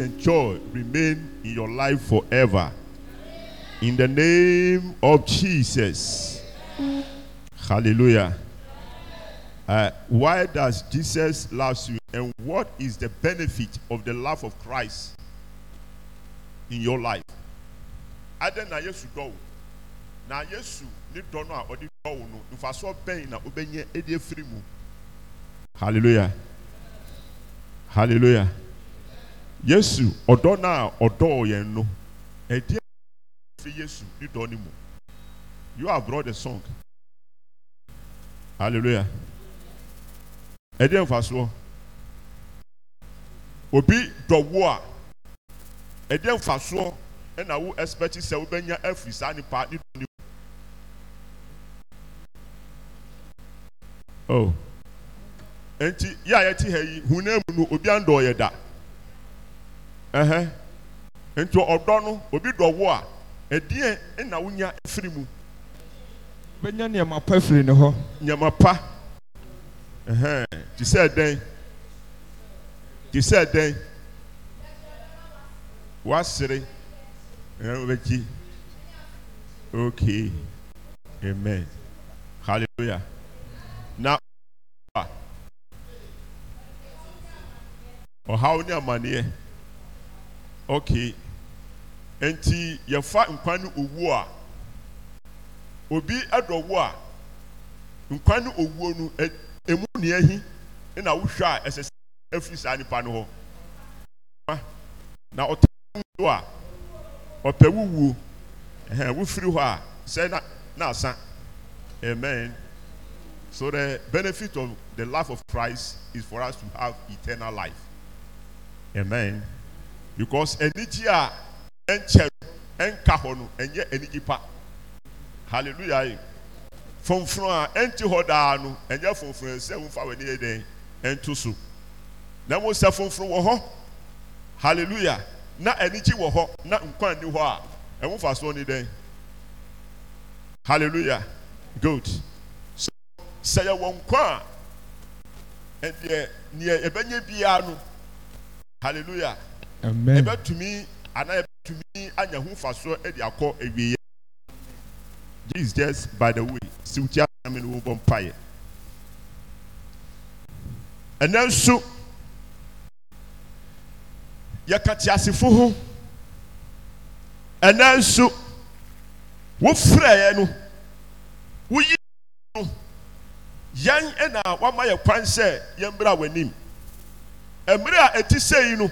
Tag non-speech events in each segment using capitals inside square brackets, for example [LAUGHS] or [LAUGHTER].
and joy remain in your life forever. In the name of Jesus. Hallelujah. Uh, why does Jesus love you? And what is the benefit of the love of Christ in your life? na Yesu na Yesu ne dɔ no a ɔde no bɛn na edi efiri mu. Hallelujah. Hallelujah. yesu ọdọ naa ọdọ ɔdɔɔ yɛn no ɛdeɛ fi yesu ne dɔ mu you have brought the song hallelujah ɛdeɛ mfasoɔ obi dɔwo a ɛdeɛ mfasoɔ ɛna wo expect sɛ wobɛnya afiri saa nipa ne dɔ mu oh nti yɛ a yɛte ha yi hunam no obi andɔɔ yɛ da. ɛhɛn nti ɔdɔ no obi dɔ a ɛdeɛ ɛna wonya firi mu. bɛnya nneɛma pa firi ne hɔ. nneɛma pa ɛhɛn te sɛ ɛdɛn te sɛ ɛdɛn wasere ɛn okay amen hallelujah na ɔhaw ne amaneɛ. okay nti yɛfa nkwa ne owu a obi ɛdɔwo a nkwa ne owuo no emu nea hi na wohwɛ a ɛsɛ sɛ efiri saa nipa no hɔ ah, na ɔtɛ wuo a ɔpɛ wuwuo ɛhɛn wofiri hɔ a sɛ na na amen so the benefit of the life of Christ is for us to have eternal life amen. because anigye a ɛnkyɛ ɛnka hɔ no ɛnyɛ anigye pa hallelujah yi funfun a ɛnti hɔ daa no ɛnyɛ fonforo ɛsɛ nfa wɔ ne dɛn ɛnto so na mo sɛ funfun wɔ hɔ hallelujah na anigye wɔ hɔ na nkwan ni hɔ a ɛmo so ne dɛn hallelujah good so sɛ yɛ wɔ nkwa a ɛdeɛ neɛ ɛbɛnyɛ biara no hallelujah. ɛbɛtumi anaa yɛbɛtumi anyaho fasoɔ adi akɔ awieɛ s jus by the way swtapaɛ ɛna nso yɛka teasefo ho ɛna nso wofrɛeɛ no woyi no yɛn nna woama yɛ kwan sɛ yɛmbrɛ a w'anim mmirɛ a ɛti sɛyi no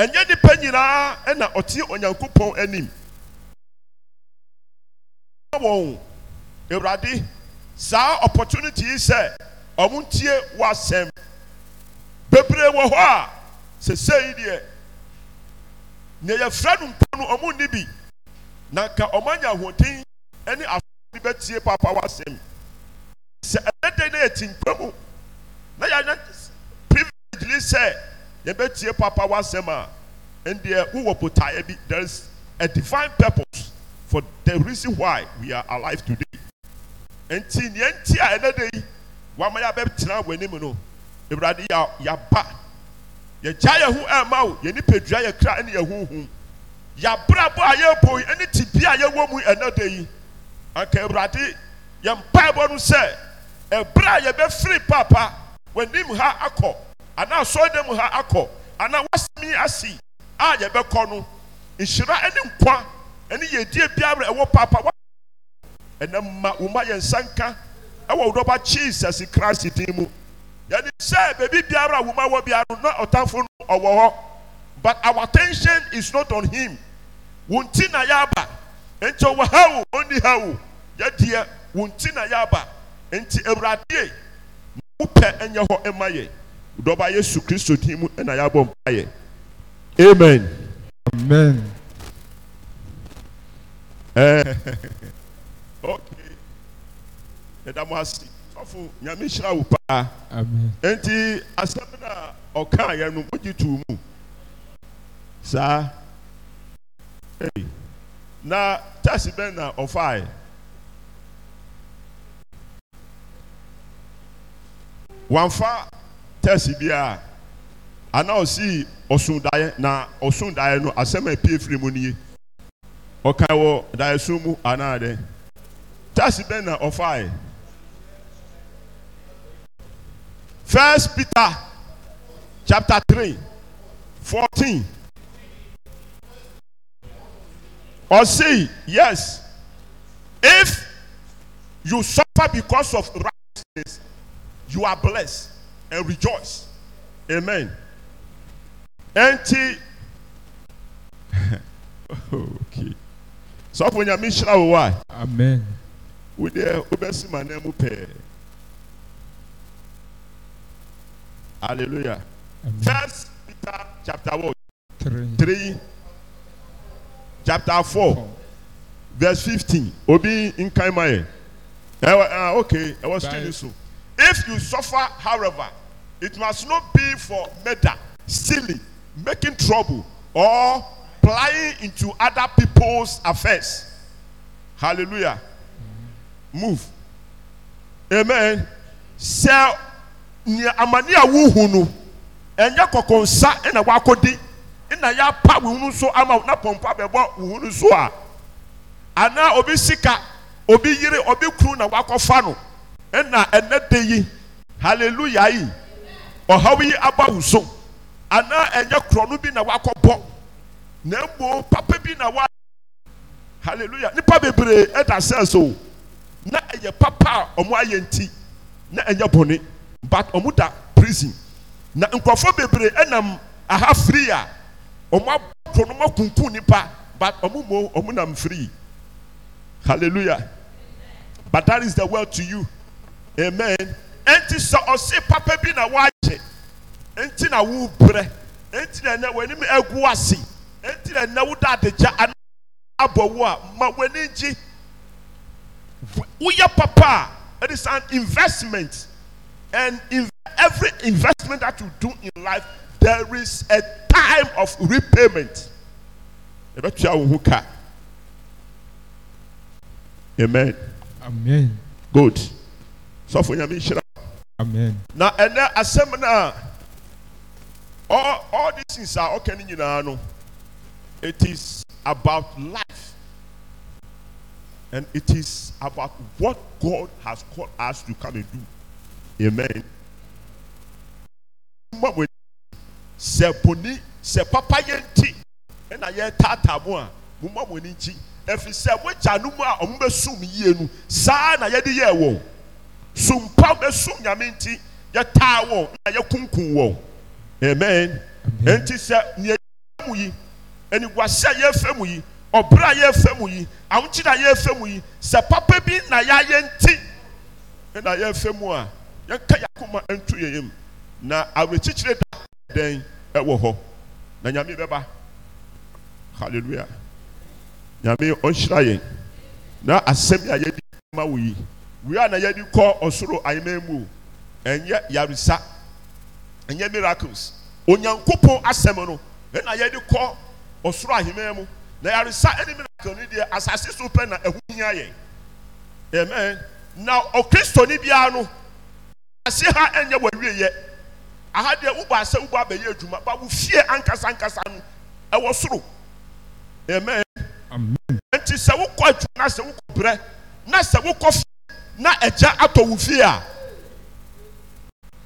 ɛnyɛ nipa nyinaa ɛna ɔte onyankopɔn anim wɔn awurade saa opportunity yi sɛ ɔmo ntie w'asɛm bebree wɔ hɔ a yi deɛ nea yɛfrɛ no mpo no ɔmo nni bi na nka ɔmo anya ahoɔden ɛne afɔdi bɛtie papa w'asɛm sɛ ɛnɛ na yɛ ti nkpa na yɛ anya privilege li sɛ. yɛbɛtie papa w'asɛm a ɛndeɛ wowɔ botaeɛ bi there is a divine purpose for the reason why we are alive today nti nea nti a ɛnɛ de yi wama yɛ abɛtena wɔ anim no awurade yɛ yaba yɛgya yɛn ho ɛɛma wo yɛn nipadua yɛ kra ɛne yɛn huhu yɛabrabɔ a yɛbɔ yi ɛne tibia a yɛwɔ mu ɛnɛ de yi anka awurade yɛn mpaebɔ no sɛ ɛbrɛ a yɛbɛfiri papa wɔ anim ha akɔ anaa sɔedamu ha akɔ anaa woasɛmi asi a yɛbɛkɔ no nhyira ne nkwa ɛne yɛdie biawera a ɛwɔ papa ɛna ma woma yɛn nsanka ɛwɔ wdɔ ba jesus christ din mu yɛni sɛ berbi biawrɛ a woma wɔ biano na ɔtamfo no ɔwɔ hɔ but our attentiɛn is not on him wonti na yɛ aba ɛnti ɔwɔ hao onni hao yɛdeɛ wonti na yɛ aba enti awuradeɛ ma wopɛ ɛnyɛ hɔ ma yɛ dɔba yesu kristo di mu nayɛbɔ mpayɛ amenamno [LAUGHS] ɛda mo ase sfo nyamehyirɛwo paa enti asɛmi noa ɔkayɛ no mogye too mu saa na terse bɛn na ɔfaɛ wamfa tɛsi bi a anaa ɔsi ɔsundaeɛ na ɔsundaeɛ no asɛm a epie firi mu nie ɔkan wɔ daesun mu anaa dɛ tɛsi bɛn na ɔfaeɛ first peter chapter three fourteen ɔsi yes if you suffer because of righteousness you are blessed. rejoice amen ɛnti sofo [LAUGHS] nyamehyira wo wa wo deɛ wobɛsi manɛ mu pɛɛ aleluya fs peter chapte3 chapter 4 vrs 15 obi nkai ma yɛso you suffer however it must not be for meda silly making trouble ɔr plying into other people's affairs halleluja move amen sɛ amane a wohu no ɛnyɛ kɔkɔnsa na woakɔdi nna yɛpa wohunu nso ama na pɔmpo a bɛbɔ wohunu nso a anaa obi sika obi yere ɔbi kro nawoakɔ fa no ɛna ɛnɛ de yi hallelujah yi ɔhaw yi aba wo so anaa ɛnyɛ korɔno bi na wakɔbɔ na mmo papa bi na wa hallelujah nipa bebree ɛda sɛɛ so na ɛyɛ papa a ɔmo ayɛ nti na ɛnyɛ bɔne but ɔmo da prison na nkurɔfoɔ bebree ɛnam aha free a ɔmo abɔ korɔno mo nipa but ɔmo mo ɔmo nam free hallelujah but that is the word to you. amenɛnti sɛ ɔsee papa bi na woakyɛ nti na woreberɛ ɛnti na nɛ w'anim ago ase ɛnti na nɛ woda adegya anaabɔ wo a ma w'ani ngye woyɛ papa a atesan investment andevery investment that you do in life thereis a time of repayment ɛbɛtoa wo ho ka amen good sɔfo nyame nhyira amen na ɛnɛ asɛm no all, all these things are okay nyinaa no it is about life and it is about what god has called us to come and do amen sɛ boni sɛ papa yɛ nti ɛna yɛ taataa mu a mo mma mo ani nkyi ɛfiri sɛ mo no mu a ɔmo bɛ yie no saa na yɛde yɛ wɔ sumpaw bɛsu nyame nti yɛtaa wɔn na yɛkunkum wɔ amen ɛnti sɛ neɛ ɛfmu yi aniguase a yɛfɛ mu yi ɔbrɛ yɛ fɛ mu yi awokyere yɛfɛ mu yi sɛ papɛ bi na yɛayɛ nti nna yɛ fɛ mu a yɛnka yɛkoma nto yɛyim na awerɛkyikyere da dɛn wɔ hɔ na nyame bɛba haleluia nyame ɔhyira yɛn na asɛm yia yɛbima wo yi wia na yɛde kɔ ɔsoro ayɛmɛn mu ɛnyɛ yaresa. ɛnyɛ miracles onyankopɔn asɛm no ɛna yɛde kɔ ɔsoro ahemɛn mu na yarisa ɛne miracle no deɛ asase so pɛ na ɛho hia yɛn amen na ɔkristoni biara no ase ha ɛnyɛ wɔwie yɛ aha deɛ wobɔ asɛ wobɔ abɛyɛ adwuma ba wo fie ankasa ankasa no ɛwɔ soro amen nti sɛ wokɔ adwuma sɛ wokɔ brɛ na sɛ wokɔ fie na agya atɔ wo fie a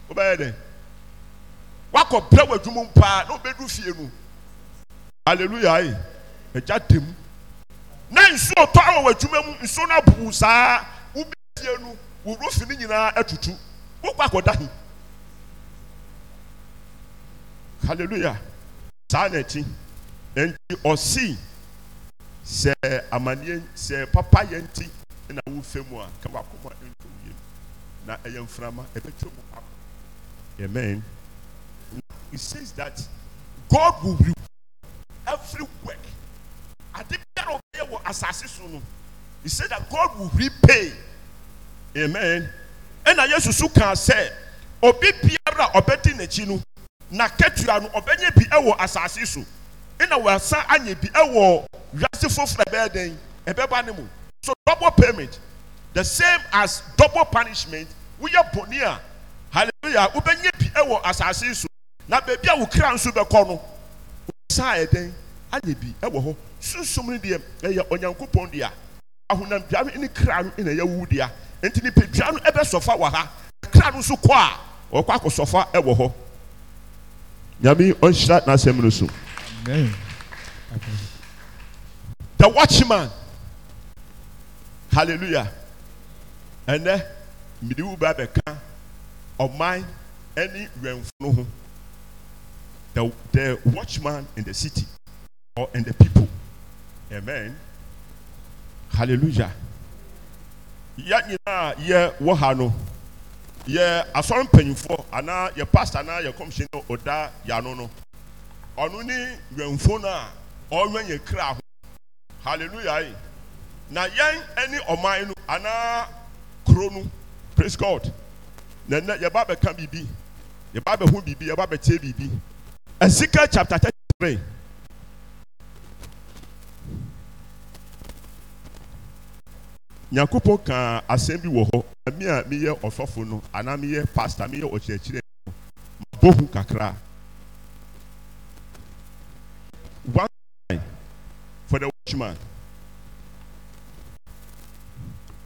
wobɛyɛ dɛ woakɔbrɛ w' adwuma m pa a na wobɛdu fie no aleluyae agya de m ne nsuotɔ awa w' adwuma mu nsu no abuu saa wobe fie no wouro fini nyinaa atutu wokɔakɔda hi aleluya saa ne ati nti ɔsei sɛ amanneɛn sɛ papa yɛn ti ge vry work ade biara ɔbɛyɛ wɔ asase so no e sa tha god wl repai amen na yɛsusuw kaa sɛ obɛ biaerɛ a ɔbɛde n'akyi no na ka tua no ɔbɛnya bi ɛwɔ asase so na wasan anyɛ bi ɛwɔ wase foforo a bɛyɛ dɛn ɛbɛba ne mu sduble payment the same as double punishment woyɛ bɔne a halleluia wobɛnya bi wɔ asase y so na baabi a wo kra nso bɛkɔ no saa ɛdɛn ale bi ɛwɔ hɔ sunsom no deɛ ɛyɛ onyankopɔn dea ahonamdwan ne kra no nayɛwudea enti nnipadua no bɛsɔfa w ha ɛkra no nso kɔ a ɔwkɔ akɔsɔfa wɔ hɔnhyiran'ɛm no t watchman haleluja ɛnɛ medi wo baa bɛka ɔman ani wamfono ho the watchman an the city or an the people amen halleluja yɛ nyinaa yɛ wɔ ha no yɛ asɔre mpanyimfoɔ anaa yɛ pastor anaa yɛ comhyɛnne ɔda yano no ɔno ne nwamfo no a ɔwa yɛ kra ho halleluyai na yɛn ani ɔman no anaa kuro no priscord nannɛ yɛba bɛka biribi yɛba bɛho biribi yɛba bɛtiɛ biribi asikiel chapter 37 nyankopɔn kaa asɛm bi wɔ hɔ na me a meyɛ ɔfɔfo no anaa meyɛ pasta meyɛ ɔkyerɛkyerɛ n no mabɔhu kakraa i fo the watchman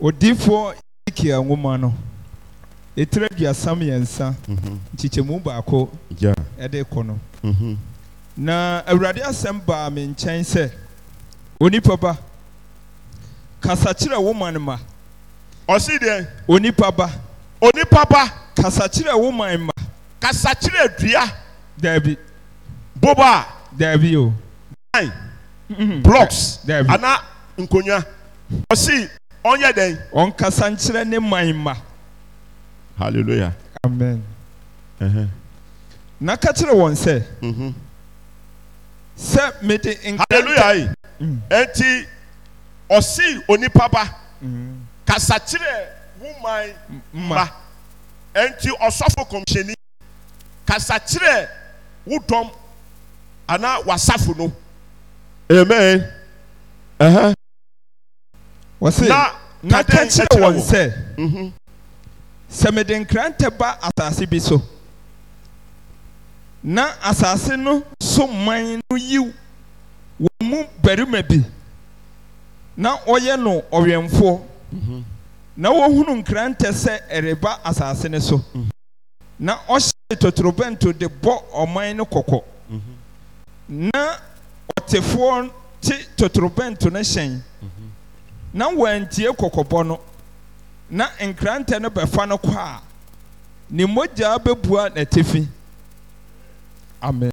odiifoɔ ezekiel nwoma no etire aduasa mmiɛnsa nkyekyɛmu baako ɛde kɔ no mhm. na awurade asɛm baa me nkyɛn sɛ onipa ba kasa kyerɛ nwoma no ma ɔsi deɛ onipa ba onipa ba kasa kyerɛ nwoma ma kasa kyerɛ dua daabi boba daabi o blocks ana nkonnwa ɔsi. ɔnyɛ dɛn. ɔnkasa nkyerɛ ne man ma. hallelujah. amen. na ka kyerɛ wɔn sɛ. Mhm. sɛ mede nkɛntɛ. hallelujah yi. Mm. eti ɔsi onipa ba. Mm. kasa kyerɛ woman ma. eti ɔsɔfo kɔmhyɛni. kasa kyerɛ wodɔm anaa wasafo no. amen. Uh -huh. wɔsi kata kyerɛ wɔn mm-hmm. sɛ sɛ nkrantɛ ba asaase bi so na asaase no so man no yi wɔn mu barima bi na ɔyɛ no ɔwɛnfoɔ mm-hmm. na wɔhunu nkrantɛ sɛ ɛreba asaase no so mm-hmm. na ɔhyɛ totorobɛnto de bɔ ɔman no kɔkɔ na ɔtefoɔ te totorobɛnto no hyɛn. na wɔantie kɔkɔbɔ no na nkrantɛ no bɛfa no kɔ a ne mogya bɛbua n'atifi amen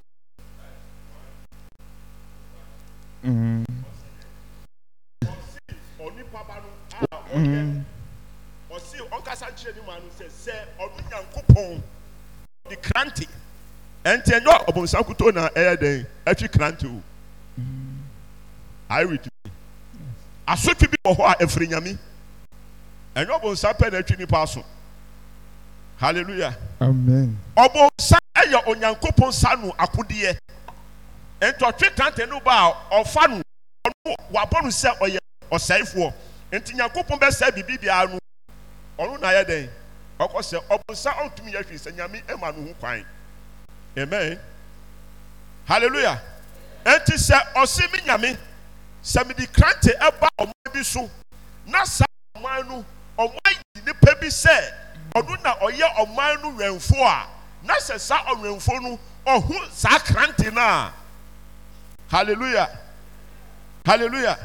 mm. Mm. de krante ɛnti ɛnyɛ ɔbɔnsa kuto na ɛyɛ den ɛtwi krante o mm-hmm. i read asotwe bi wɔ hɔ a ɛfiri nyame ɛnyɛ ɔbɔnsa pɛ na atwi nipa so hallelujah amen ɔbɔnsa ɛyɛ onyankopɔn sa no akodeɛ ntɔtwe tante no ba a ɔfa no ɔno wabɔ no sɛ ɔyɛ ɔsɛefoɔ nti nyankopɔn bɛsɛ biribi biara no ɔno na ayɛ dɛn ɔkɔ sɛ ɔbɔnsa ɔntumi yɛ hwee sɛ nyame ɛma no ho kwan amen hallelujah nti sɛ ɔsi mi nyami. sɛmede krante ɛba ɔman bi so na saa ɔman no ɔman yi nipa bi sɛ ɔdo na ɔyɛ ɔman no wɛmfoɔ a na sɛ saa ɔwɛmfo no ɔhu saa krante no a halleluya halleluya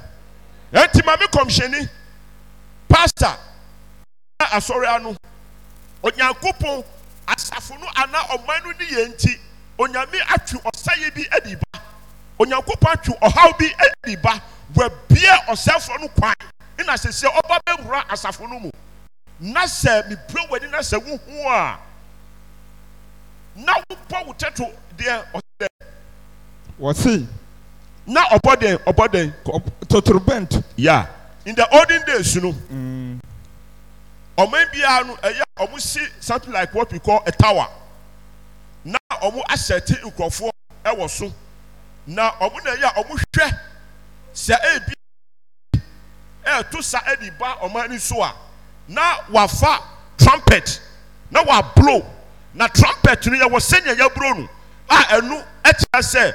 ɛnti ma me kɔmhyɛne pasto ɛ asɔre a no onyankopɔn asafo no anaa ɔman no ne ye nti onyame ate ɔsayɛ bi adiba onyankopɔn atwe ɔhaw bi adi ba wabie ɔsɛfoɔ no kwan na sɛ ɔba bɛwura asafo no mu na sɛ mepire w'ani na sɛ wohu a na wobɔ wo tɛto deɛ ɔsɛ wɔse na ɔbɔ dɛn ɔbɔ dɛn totorobɛnt ya in the olden days no ɔman biara no ɛyɛ ɔmo si something like what we call a tower na ɔmo asɛte nkurɔfoɔ ɛwɔ so n ɔmo no yi a ɔmo hwɛ sɛ ɛbi ɛyɛto sa adiba ɔman ni so a na wafa trumpet na waablo na trumpet no yɛwɔ sɛnea yɛbro no a ɛno ɛkyerɛ sɛ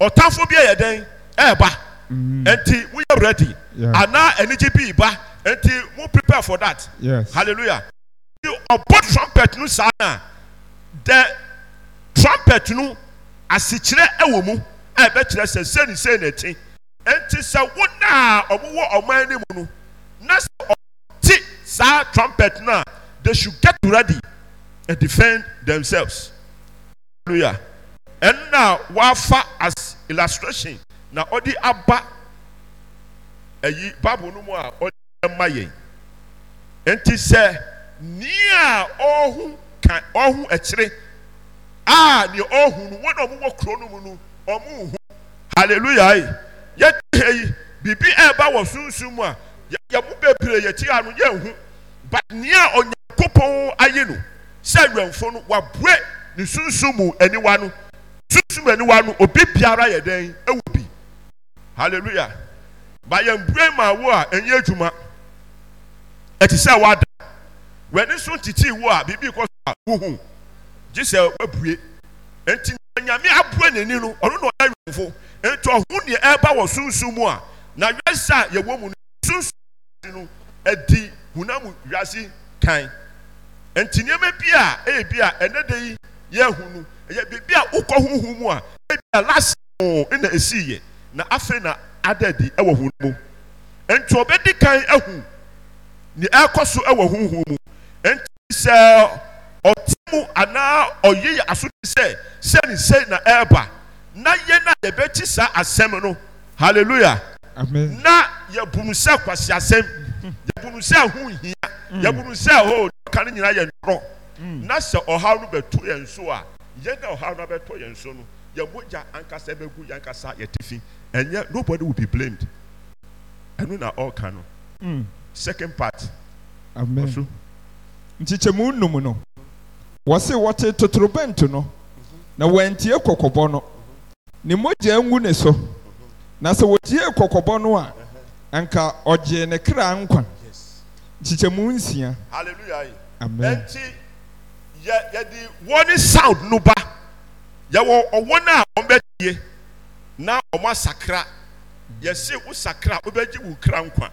ɔtamfo bi ayɛ dɛn ɛyɛba ɛnti mm. woyɛ werɛdi anaa ɛnigye bii ba ɛnti mo prepare for dhat hallelujati ɔbɔ trumpet no saan a dɛ trumpɛt no asikyerɛ ɛwɔ mu ɛbɛkyerɛ sɛ sene sei ne ɛti ɛnti sɛ wo ne a ɔmowɔ ɔman no mu no na sɛ ɔte saa trumpet no a tde should gɛt ready and defend themselves aleluya ɛno na wɔafa as illustration na ɔde aba ayi bible no mu a ɔɛma yɛn enti sɛ nia a ɔhu ka ɔrho ɛkyere a neɛ ɔhu no wone ɔmowɔ kurow no mu no ɔmo hu hallelujah yi yɛ ti hɛ yi bibi ɛɛba wɔ sunsun mu a yɛ mu bebree yɛ ti ano yɛ hu but nea onyankopɔn ayɛ no sɛ awɛnfo no wabue ne sunsun mu aniwa no sunsun mu aniwa no obi biara yɛ dɛn ɛwɔ bi hallelujah ba yɛn bue maawo a ɛnyɛ adwuma ɛti sɛ wada wɛni so titi wo a bibi kɔ so a wohu gye sɛ wabue. nti nyame aboa n'ani no ɔno na ɔyɛ awɛmfo nti ɔho nea ɛreba wɔ sunsun mu a na wiase a yɛwɔ mu no sunsun no adi hunamu wiase kan nti nneɛma bi a ɛyɛ bi a ɛnɛ de yi yɛhu no ɛyɛ biribi a wokɔ huhu mu a ɛyɛ bi a last na esi yɛ na afei na adadi ɛwɔ hunamu nti ɔbɛdi kan ɛhu nea ɛrekɔ so ɛwɔ huhu mu nti sɛ. ọtụmụ mu anaa ɔyɛ yɛ asotwe sɛ sɛne sɛ na ɛreba na ihe a yɛbɛkyi no hallelujah na yɛbunu sɛ kwasi asɛm yɛbunu sɛ ho hia yɛbunu sɛ o ka ne nyinaa yɛ ntorɔ mm. na sɛ ɔhaw no bɛto yɛn so a ihe na ọha no bɛto yɛn so no yɛn mogya ankasa bɛgu yɛn ankasa yɛ tifi ɛnyɛ nobody will be blamed ɛnu na ɔɔka no mm. second part nkyekyɛmu no. wɔ se wɔtee totorobɛnto no na wantie kɔkɔbɔ no ne mmogyae gu ne so na sɛ wɔtiee kɔkɔbɔ no a anka ɔgyee ne kra nkwa nkyikyɛ mo nsiaa nti yɛde wɔ ne soud no ba yɛwɔ ɔwo n a wɔm bɛtie na ɔmmɔ asakra yɛse wo sakra wobɛgye wo kra nkwa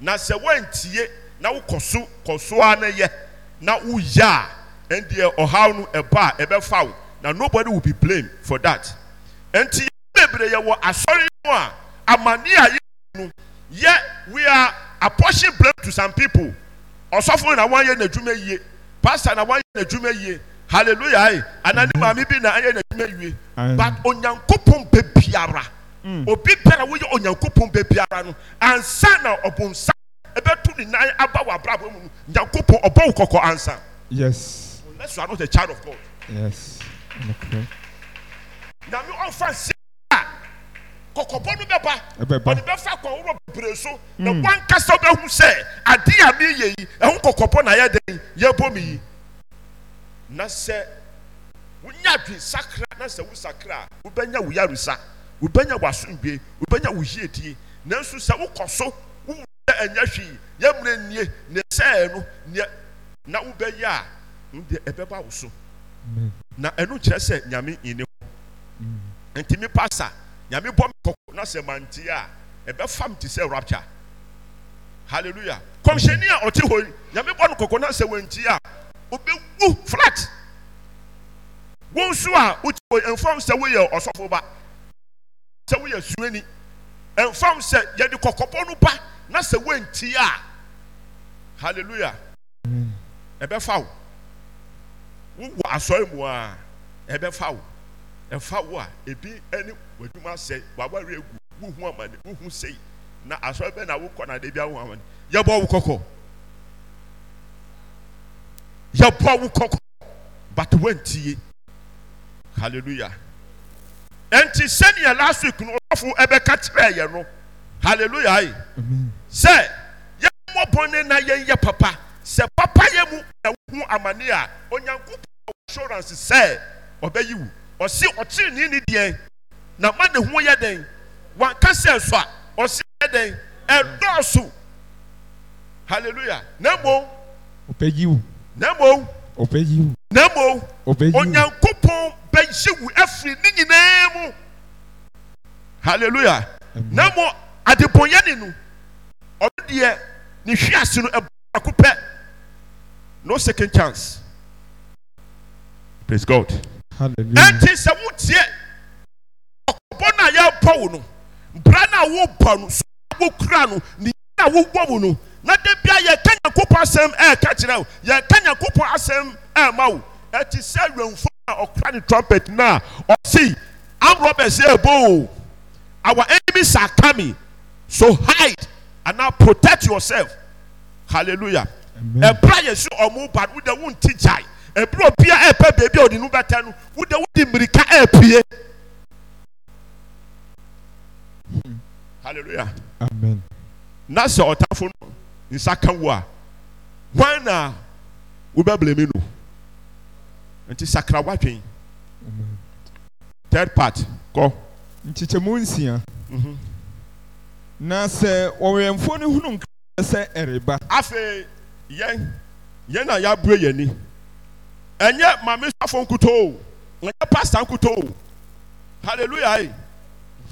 na sɛ woantie na wokɔ so kɔso ara ne yɛ na woryaa ɔhw no ɛbaa ɛbɛfawo na nody w blame f tat ntiyɛbebre yɛwɔ asɔre no a amanea yno yɛ we a apporton blae to sm peple ɔsɔfo na wnyɛ n'adwuma yie pasto nawyɛ nadwuma yie alleluyai eh? ananmame bi nayɛnadwumawie but onyankopɔn bɛbiara hmm. obibiara woyɛ onyankopɔn bɛbiara no ansa na ɔbosa bɛto nina aba w abrabɔ mun nyankopɔ ɔbɔ wo kɔkɔansa name ɔmfasi a kɔkɔbɔ no bɛbab bɛfa kwa woberee so na mm. ankasɛ o bahu sɛ ade a meye yi ɛho kɔkɔbɔ na yɛ den yɛbo me yi na sɛ wonya dwe sakra na sɛ wo sakra a wobɛnya wo yarusa wobɛnya w'asondwie wobɛnya woyiedie nanso sɛ wokɔ so wowusɛ anya hwie yɛmrɛ nnie neɛ sɛɛ no na wobɛyɛ a ɛno kyerɛ sɛ nyaih ɛntimi mm. pasa nyame bɔ me kɔkɔ na sɛ mantiɛ a ɛbɛfam te sɛ rapture halleluya kɔnhyɛni a ɔte hɔ i nyamebɔ ne kɔkɔ na sɛ wantiɛ a obɛwu flat wonso a wotɔi mfam sɛ woyɛ ɔsɔfo basɛ woyɛ suani mfam sɛ yɛde kɔkɔpɔ no ba na sɛ woantiɛ a aleluya ɛbɛfaw wowɔ asɔre mu a ɛbɛfa wo ɛfa wo a ebi ɛne w'adwuma sɛ w'awari egu wuhu amane wuhu sei na asɔre bɛ na wokɔ na de bi ahu amane yɛbɔ wo kɔkɔ yɛbɔ wo kɔkɔ but wɔntie hallelujah ɛnti sɛnea last week no ɔfo ɛbɛka kyerɛ yɛ no hallelujah yi sɛ yɛn mɔbɔ ne na yɛn yɛ papa sɛ papa yɛ mu na wuhu amane a onyankopɔn. assurance sɛ ɔbɛyi wo ɔse ɔkyerenini deɛn na ma ne ho yɛ dɛn wanka sɛ fa ɔseyɛ dɛn ɛdɔɔ so halleluya namo na mmo onyankopɔn bɛye wo afiri ne nyinaa mu halleluya na mmo adebɔnyɛ ne no ɔ deɛ nehwease no ɛbɔako pɛ no second chance praise god ɛnti sɛ wotie ɔkɔbɔ no a yɛbɔ wo no bọ̀ no a wobɔ no so wokura no ne na wobɔ mu no na da bia yɛka nyankopɔn asɛm ɛɛka kyerɛ wo yɛka nyankopɔn asɛm ɛɛma wo ɛti sɛ awɛmfo a ɔkura ne trumpet no a am robbers ɛɛbo o our enemies are coming so hide and now protect yourself hallelujah ɛbra yɛ so ɔmo ba no wode wonti jai. eburu obi a ɛpɛ beebi a ɔde nu bɛtɛ no wode wode mmirika ɛpie hmm. hallelujah amen na sɛ ɔtafo no nsa ka wo a wɔn na wobɛbile mi no nti sakra wadwen third part kɔ. nkyekyɛmu nsia mhm. na sɛ ɔwɛmfoɔ no hunu nkra sɛ ɛreba afei yɛn yɛn na yɛabue yɛn ni. ɛnyɛ maame safo nkutoo ɛnyɛ pastor nkutoo hallelujah yi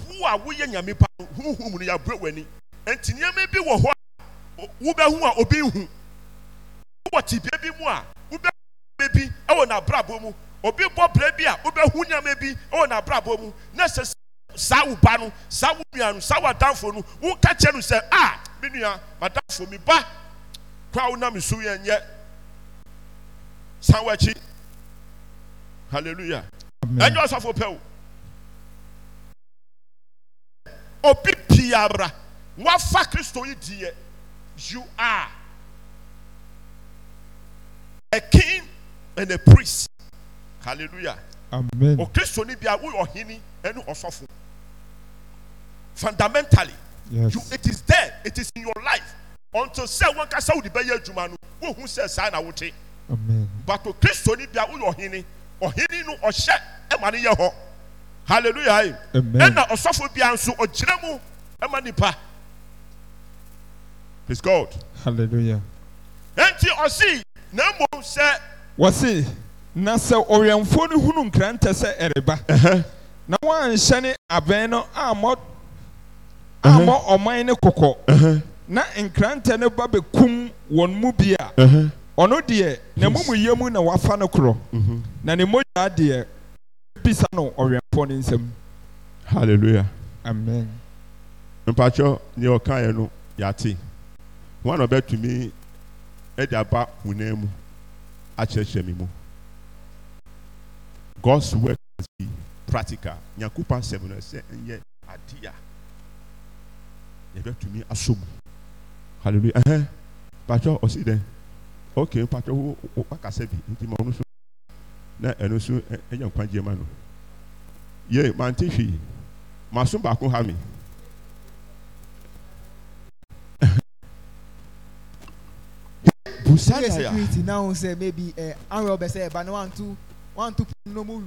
hu a woyɛ nyame pa huhum no yabue w'ani nti nneɛma bi wɔ hɔ a wobɛhu a obi nhu wɔ tibia bi mu a wobɛhu bi ɛwɔ e n'abrabɔ mu obi bɔ brɛ bi a wobɛhu nneɛma bi ɛwɔ e n'abrabɔ mu na sɛ saa wo ba no saa wo nua no saa wo adanfo no wo ka kyerɛ no sɛ a me nua madamfo mi ba kora wo nam so yɛn nyɛ sa woakyi haeluya ɛnyɛ ɔsɔfo pɛwo obi pii abra woafa kristo yi diiɛ you are a king and a priest alleluya okristono bia woyɛ ɔhene no ɔsɔfo fundamentallyiis here itis in your life unt sɛ wonkasa wodebɛyɛ adwuma no wohu sɛ saa nawote Bato kristoni bia woyɛ ɔhene ɔhene no ɔhyɛ ɛma ne yɛ hɔ hallelujah ɛna ɔsɔfo bia nso ɔgyina mu ɛma nipa praise god hallelujah enti ɔsi na mmom sɛ wɔsi na sɛ ɔwɛnfoɔ no hunu nkrantɛ sɛ ɛreba na wɔanhyɛ ne abɛn no ammɔ ammɔ ɔman ne kɔkɔ na nkrantɛ no ba wɔn mu bi ɔno deɛ na mumu yie mu na wafa no korɔ mm-hmm. na ne mogya deɛ bisa no ɔwɛnfoɔ ne nsam hallelujah amen mpatsɔ deɛ ɔka yɛ no yate wɔn a ɔbɛtumi ɛde aba hunan mu akyerɛkyerɛ mi mu god's work is be practical nyakupa sɛm no sɛ ɛnyɛ adeɛ a yɛbɛtumi asɔ mu hallelujah ɛhɛn mpatsɔ ɔsi dɛn. ok mpatsɛ wo wakasɛ bi nti ma na ɛno so ɛnya nkwagyeɛ ma no yɛ mante baako ha mi busa na ya security na ho sɛ maybe ɛ anwɛ ɔbɛ sɛ ɛba mu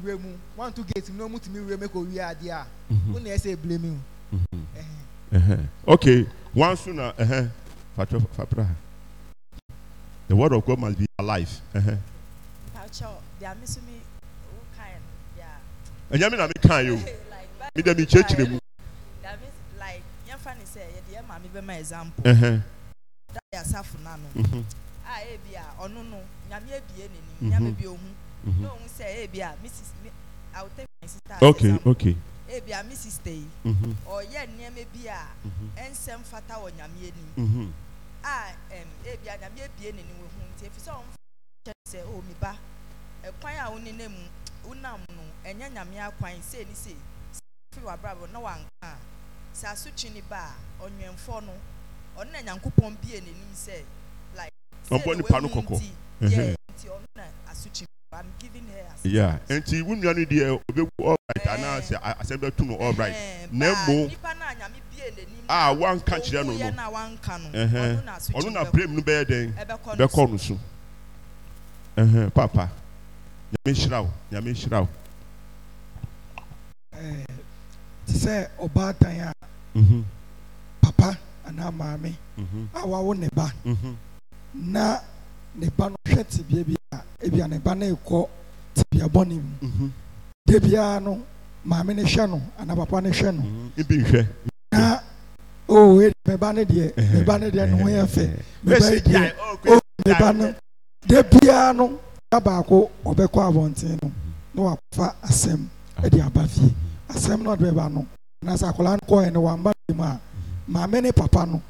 gate tumi mu adeɛ a ɔna mhm. mhm. eh. eh, eh. ɛsɛ The word of God must be alive. Ẹ̀yẹ́mi na mi kàn yìí o, mi dẹ̀ mi kyerè kyerè mu. Yẹn fa ni sẹ, yẹ di yẹ maa mi bẹ ma example. Da yà sáfù nánu. A ebi a ọ̀nù nù, nyàmí ebi yé nìní, nyàmí ebi òhun. Ní òhun sẹ, ebi a Mrs. I will take my sister as okay, example. Okay, okay. Ebi a Mrs. Tèyí. Ọ̀yẹ́ nneẹ́mẹ́ bi a ẹnsẹ́ mm-hmm. nfata wọ̀ nyàmí ẹni. Ah, eh, oh, a ɛm ebi a nyame ebie ne ne sɛ o mi ba a no ɛnyɛ nyame akwan ne fi na wanka a sɛ ne ba a ɔnwɛnfo no na nyankopɔn bie n'anim sɛ like ɔbɔ nipa no kɔkɔ mhm. na I'm giving her a yeah nti wo nua no deɛ obɛwu all right anaasɛ eh. asɛm all right eh, a ah, wanka kyerɛ no no ɔno na prem no bɛyɛ dɛn bɛkɔ no so papa nyame nhyira wo nyame nhyira wo te sɛ ɔbaatan a mhm. papa anaa maame mhm. a wawo ne ba mhm. na ne ba no hwɛ tibia bi a ebia ne ba no ekɔ tibia bɔne mu debia no maame ne hwɛ no anaa papa no hwɛ no ebi nhwɛ na o oh, mɛ ba ne deɛ mɛ ba ne deɛ ne ho yɛ fɛ mɛ ba eh. yɛ oh, de biara no ya baako ɔbɛkɔ abɔnten no na wafa asɛm ɛde aba fie asɛm na ɔde bɛba no akwadaa e no kɔɛ no wamba ne mu a maame ne papa no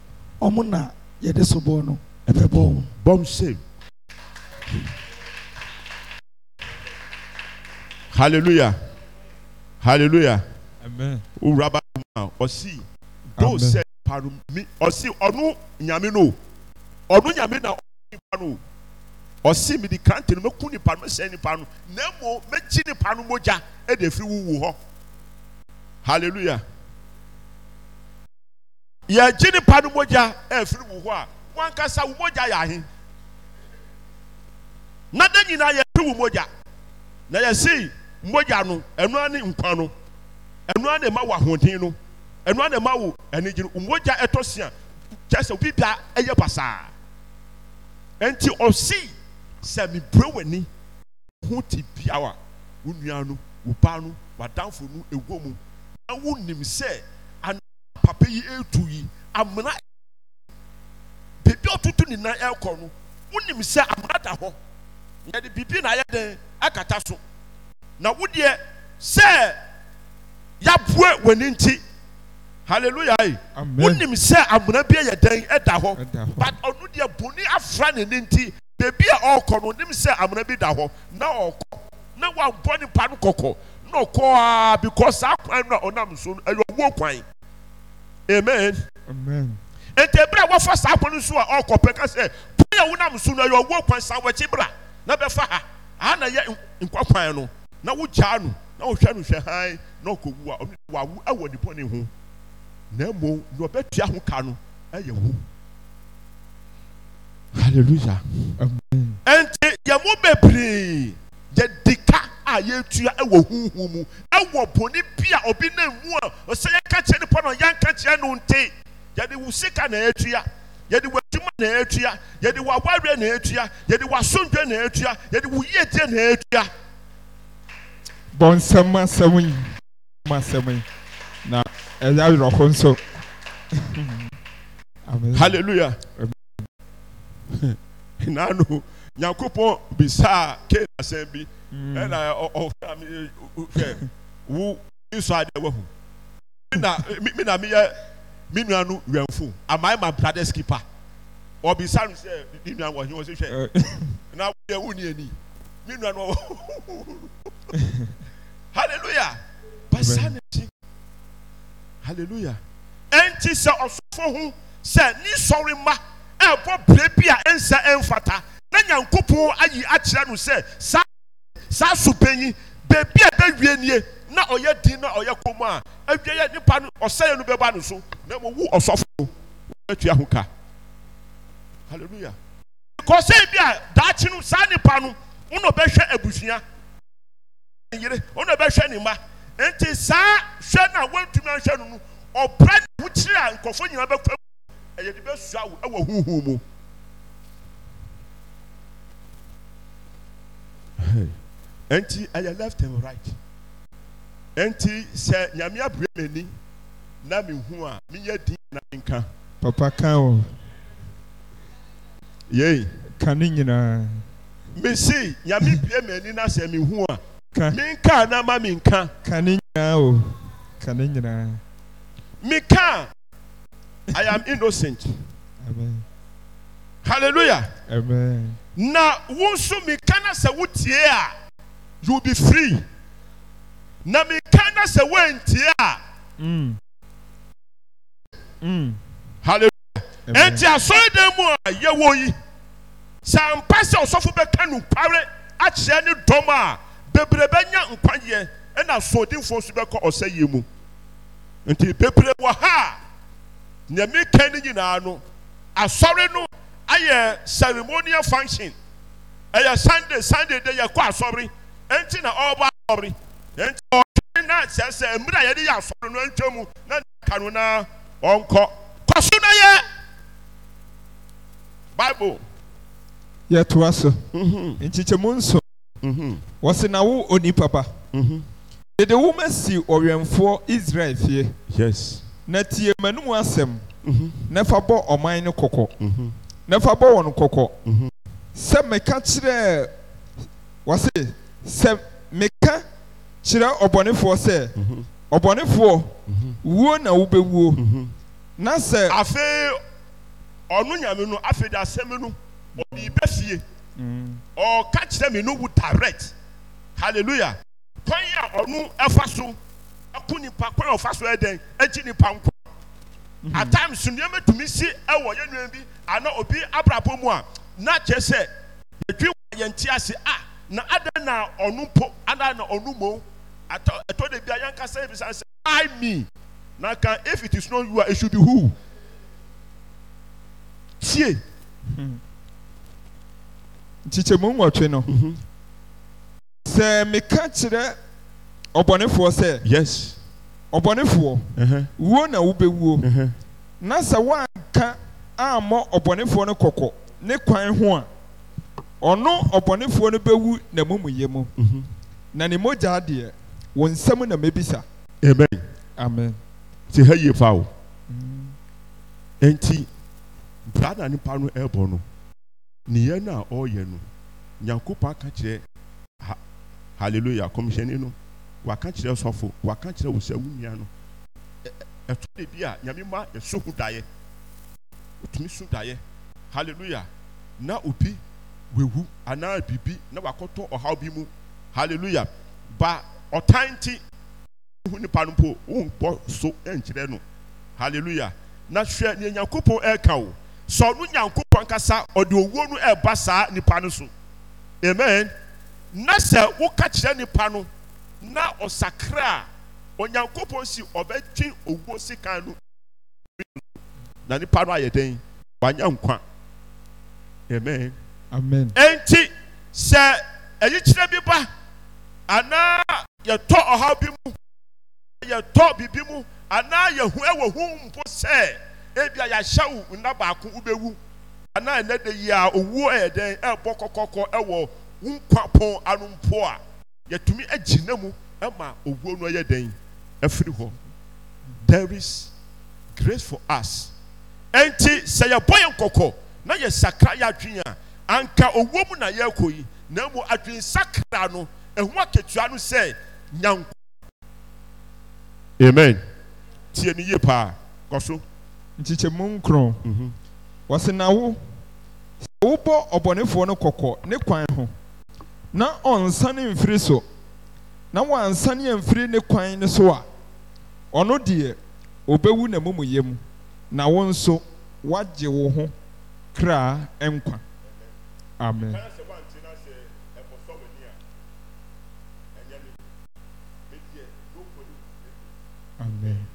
ɔmo na yɛde so bɔɔ no ɛbɛbɔ e eh, wɔn. bɔm save. hallelujah hallelujah. amen. wúraba ma ɔsi do sẹ parumi ɔsi ɔnu nyame no ɔnu nyame na nipa no ɔsi mi di kante no meku nipa no mesɛ nipa no na emo mekyi nipa no mogya ɛde efiri wuwu hɔ hallelujah yɛgye nipa no mogya ɛfiri wu hɔ a wankasa wo mogya yɛ ahe na da nyinaa yɛfiri wo mogya na yɛsi mogya no ɛnoa ne nkwa no ɛnoa ne ma wɔ ahoɔden no. ɛnua na ɛma wo ɛni gyina mogya ɛtɔ sia kyerɛ sɛ obi da ɛyɛ basaa ɛnti ɔsi sɛ mibire w'ani ho ti biawa wo nua no wo ba no w'adanfo no ewo mu na wo nim sɛ ana papa yi etu yi amena beebi ɔtutu ne nan ɛkɔ no wo nim sɛ amena da hɔ yɛde biribi na ayɛ dɛn akata so na wo deɛ sɛ yabue w'ani nti. hallelujah wonim sɛ amuna bi yɛ dɛn ɛda hɔ but ɔno deɛ bonni afra ne ne nti beebi a ɔrekɔ no onim sɛ amuna bi da hɔ na ɔrekɔ na wabɔ nipa no kɔkɔ na ɔkɔ because saa kwan no a ɔnam so no ɛyɛ kwan amen saa kwan no so a ɔrekɔ pɛ kwan a kwan saa bra na bɛfa ha aha na nkwa kwan no na wogyaa no na wohwɛ no hwɛ na a ɔno na mmom na ɔbɛtua ho ka no ɛyɛ wo hallelujah ɛnti yɛn mo bebree yɛdi ka a yɛtua ɛwɔ huhu mu ɛwɔ boni bi a obi na mu a ɔsɛ yɛka kyerɛ nipa na yɛnka kyerɛ no nte yɛde wo sika na yɛtua yɛde wo adwuma na yɛtua yɛde wo awareɛ na yɛtua yɛde wo asomdwe na yɛtua yɛde wo yiedie na yɛtua. bɔnsɛm asɛm yi asɛm yi. na ɛyɛ awerɛho nso hallelujah [LAUGHS] nanu nyankopɔn bisaa kain asɛm bi mm. ɛna ɔfra mi hwɛ wo nsɔ adeɛ wɔ ho mina na miyɛ mi nua no wɛnfo ma brothers keeper sɛ mi nua [LAUGHS] na wɔyɛ [LAUGHS] hallelujah ɛnti sɛ ɔsɔfo ho sɛ ne sɔre ma ɛbɔ bere bi a ɛnsɛ ɛmfata na nyankopɔn ayi akyerɛ no sɛ saa saa supen yi beebi a ɛbɛwie nie na ɔyɛ din na ɔyɛ komu a ɛwie yɛ nipa no ɔsɛyɛ no bɛba no so na mo wu ɔsɔfo ɛtua ho ka hallelujah kɔsɛɛ bi a daakye no saa nipa no wɔn na ɔbɛhwɛ abusua yere wɔn na ɔbɛhwɛ nti saa hwɛ no a wontumi anhwɛ no no ɔpra ne hokyiri a nkɔfɔ nyinaa bɛk ɛyɛde bɛsuaw wɔ huhu mu nti ɛyɛ leftm right nti sɛ nyame abrɛ m'ni na mehu a menyɛ din nanka papa ka w ye ka ne nyinaa mesei nyame ba m'ani na sɛ mehu a kanama minkann mika a i am innocent alleluya na wo nso meka na sɛ wotiee a you be fre na menka na sɛ woɛntie aea mm. mm. ɛnti asɔredɛn mu a yɛwɔ yi sɛ mpa sɛ ɔsɔfo bɛka nowawre akyeɛ ne dɔm a bebree bɛnya nkwagyeɛ ɛna soodinfoɔ nso bɛkɔ ɔsɛ yie mu nti bebree wɔ ha a nea meka no nyinaa no asɔre no ayɛ ceremonial function ɛyɛ sunday sunday de yɛkɔ asɔre ɛnti na ɔrebɔ asɔre ɛnti ɔtwɛn na sɛsɛ mmerɛ a yɛde yɛ asɔre no ɛntwa mu na ka no na ɔnkɔ kɔ na yɛ bible yɛtoa so mhm. nkyekyɛmu nso Mm-hmm. wɔsi mm-hmm. mm-hmm. na wo onipa ba dede woma si ɔwɛnfoɔ israel fie na tie mmanum asɛm na fa bɔ ɔman no kɔkɔ na fa bɔ wɔn kɔkɔ sɛ meka kyerɛ wɔsi sɛ meka kyerɛ ɔbɔnefoɔ sɛ ɔbɔnefoɔ wuo na wobɛwuo na sɛ afei ɔno nyame no afei de asɛm no ɔde fie. ɔrɔka kyerɛ mino wo direct halleluya kwan a ɔno ɛfa so ɛko nipa wan ɔfa so ɛdɛn ki nipa nkoa mhm. at time somɛmatumi si ɛwɔ yɛnnam bi anaa obi abrabɔ mu a na kyɛ sɛ yɛdwi w yɛ nte ase a na adɛn na ɔno po adana ɔno moo ɛtɔda bia yɛnkasa yabisane sɛ i mi nak if itisnɔwua ɛso be huu tie mhm. nkyekyɛmu nwɔtwe no mm-hmm. sɛ meka kyerɛ ɔbɔnefoɔ sɛ yes ɔbɔnefoɔ uh-huh. wuo na wuo. Uh-huh. na sɛ woanka ammɔ ɔbɔnefoɔ no kɔkɔ ne kwan ho a ɔno ɔbɔnefoɔ no bɛwu na mumuyɛ mu mm-hmm. na ne mogya deɛ wo nsɛm na mɛbisa amen amen T'i ha yie fa wo mm. nti brada nipa no ɛbɔ no nìyẹn no a ɔreyɛ no nyankopɔn aka kyerɛ hallelujah kɔmhyɛni no waka kyerɛ sɔfo waka kyerɛ wosa wo nua no ɛtɔ de bi a nyame ma yɛso ho daeɛ otumi so daeɛ hallelujah na obi wewu anaa bibi na wakɔtɔ ɔhaw bi mu hallelujah ba ɔtan ti hu nipa no mpo wo nkpɔ so nkyerɛ no hallelujah na hwɛ nea nyankopɔn ɛreka wo sɛ ɔno nyankopɔn kasa ɔde owuo no ẹba saa nipa no so amen na sɛ woka kyerɛ nipa no na ọsakra a onyankopɔn si ɔbɛtwe owuo sika no na nipa no ayɛ dɛn wanya nkwa amen amen enti sɛ ɛyikyerɛ bi ba anaa yɛtɔ ɔhaw bi mu yɛtɔ bibi mu anaa yɛhu ɛwɔ hu mpo sɛɛ. ebia yɛahyɛ wo nna baako wobɛwu anaa ɛnɛ da yi a owuo ɛyɛ dɛn ɛrebɔ kɔkɔkɔ ɛwɔ wo nkwa pon ano a yɛtumi agyina mu ɛma owuo no ɛyɛ dɛn ɛfiri hɔ there is grace for us ɛnti sɛ yɛbɔ yɛn kɔkɔ na yɛsakra yɛadwene a anka owuo mu na yɛrekɔ yi na mmom adwensakra no ɛho akatua no sɛ nyanko amen tie no yie paa kɔ so nkyekyɛmu nkron mhm. wɔsi na wo sɛ wobɔ ɔbɔnefoɔ no kɔkɔ ne kwan ho na ɔnsane mfiri so na wansane mfiri ne kwan ne so a ɔno deɛ obewu n'amumuyɛ mu na wo nso wagye wo ho kraa nkwa amen. Amen.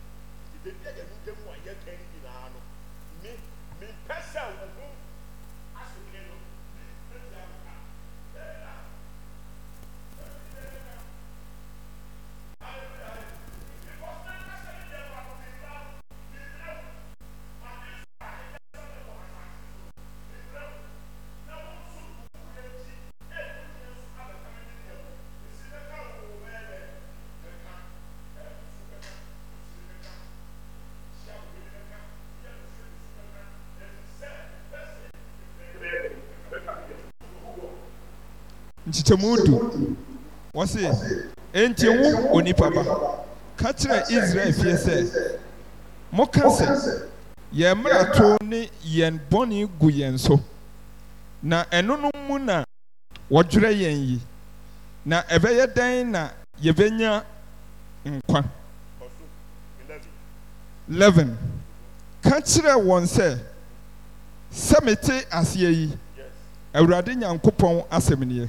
nkyitɛmudu wɔ se enti wo onipa ba ka kyerɛ israel fie sɛ moka sɛ yɛr mmra tow ne yɛn bɔne gu yɛn so na ɛnonom mu na wɔdwerɛ yɛn yi na ɛbɛyɛ dɛn na yɛbɛnya nkwa 11 ka kyerɛɛ wɔn sɛ sɛ mete aseɛ yi awurade nyankopɔn asɛm neɛ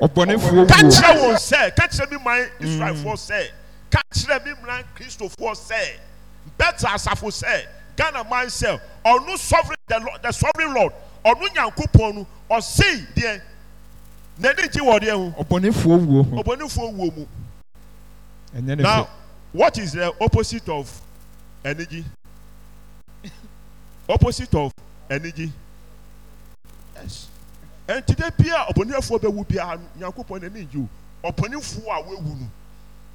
ɔbɔnefoɔ ka kyerɛ wɔn sɛ ka kyerɛ mi man israelfoɔ mm. sɛ ka kyerɛ mi man kristofoɔ sɛ bɛtɛ asafo sɛ ghana man sɛ ɔno sovereign the lord the sovereign lord ɔno nyankopɔn no ɔsei deɛ n'ani gye wɔ deɛ ho ɔbɔnefoɔ wuo ho ɔbɔnefoɔ wuo mu ɛnyɛ ne fɛ what is the opposite of energy? [LAUGHS] opposite of energy. yes. ɛnti dɛ bia ɔbɔnifoɔ bɛwu bia nyankopɔn n'ani yiw a wɔawu no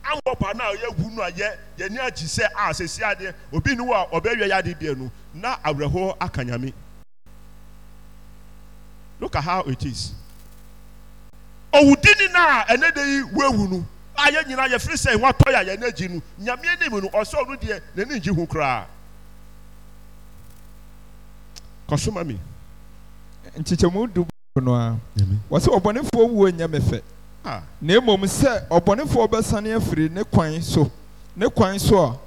awɔ ba na ɔyɛ wu no a yɛ yɛni agyi sɛ a sɛsi adeɛ obi ni wo a ɔbɛwia yɛ adeɛ deɛ no na awerɛhoɔ aka nyame look at how it is owudini na ɛnɛ de yi wɔawu no a yɛ nyinaa yɛfiri sɛ watɔ yɛ a yɛn no nyame anim no ɔsɔ no deɛ n'ani gye ho koraa kɔsoma mi. du no a wɔsɛ ɔbɔnefoɔ wuo nyɛ me fɛ ah. na mmom sɛ ɔbɔnefoɔ bɛsane afiri ne kwan so ne kwan so a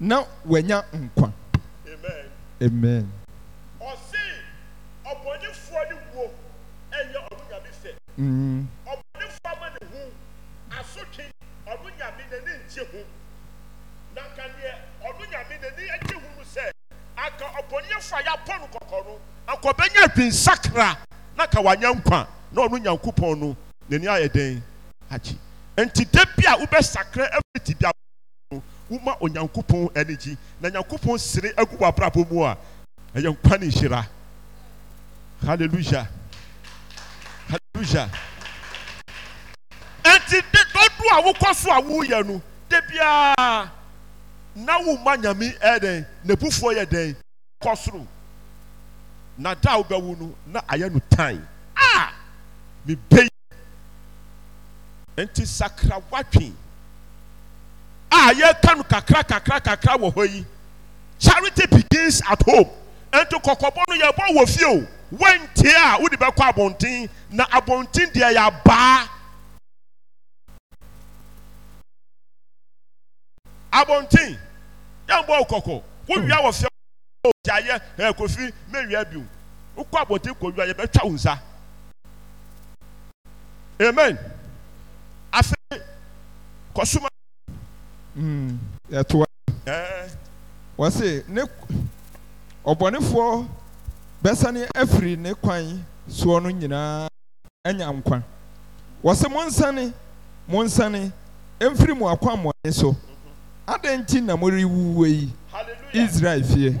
na wanya nkwa amen ɔse ɔbɔnefoɔ ne wuo ɛyɛ ɔmo nyame fɛ mm-hmm. ɔbɔnefoɔ ama ne ho asotwe ɔmo nyame na nka neɛ ɔmo nyame n'ani agye ho na ka wanya nkwa na ɔno nyankopɔn no n'ani ayɛ den agye nti da bi a wobɛsakra afiri da no woma onyankopɔn ani gye na nyankopɔn sere agu wɔ mu a ɛyɛ nkwa ne nhyira hallelujah hallelujah nti de dɔdo a wokɔ so a woyɛ no da biara na woma nyame ɛyɛ dɛn n'abufoɔ yɛ dɛn kɔ soro na da a wobɛwu no na ayɛ no tan a ah! ah! mebɛyi nti sakrawatwe a ah, yɛka no kakra kakra kakra wɔ hɔ yi charity begins at home nti kɔkɔbɔ no yɛbɔ wɔ fie o wɔntie a wode bɛkɔ abɔnten na abɔnten deɛ yɛabaa abɔnten yɛmbɔ wo kɔkɔ wowia wɔ fie Eh, o jayɛ ɛ kofi mewia bi o wokɔ abɔnten kɔ wia yɛbɛtwa wo nsa amen afei kɔsoma. yɛtoa wɔse ne ɔbɔnefoɔ bɛsane afiri ne kwan soɔ no nyinaa anya nkwa wɔse monsane bụ ɛmfiri mu bụ so adɛn bụ na morewuwe yi israel fie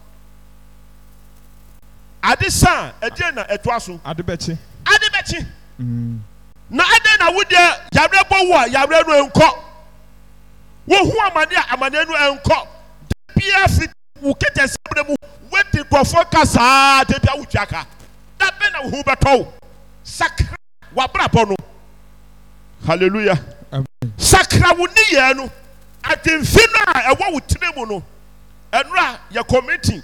ade san ɛdeɛ na ɛtoa so. ade bɛkye. ade bɛkye. Mm. na ɛdeɛ na wodeɛ yàrá bɔ wo a yàrá no nkɔ wohu amane a amane no nkɔ dabea fi wo kete sɛmuna mu wete nkurɔfoɔ ka saa dabea wo twia ka dabɛ na wo ho bɛtɔ wo sakra wabra bɔ no hallelujah sakra wo ne yɛn no ademfi no a ɛwɔ wo tiri mu no ɛnura yɛ committee.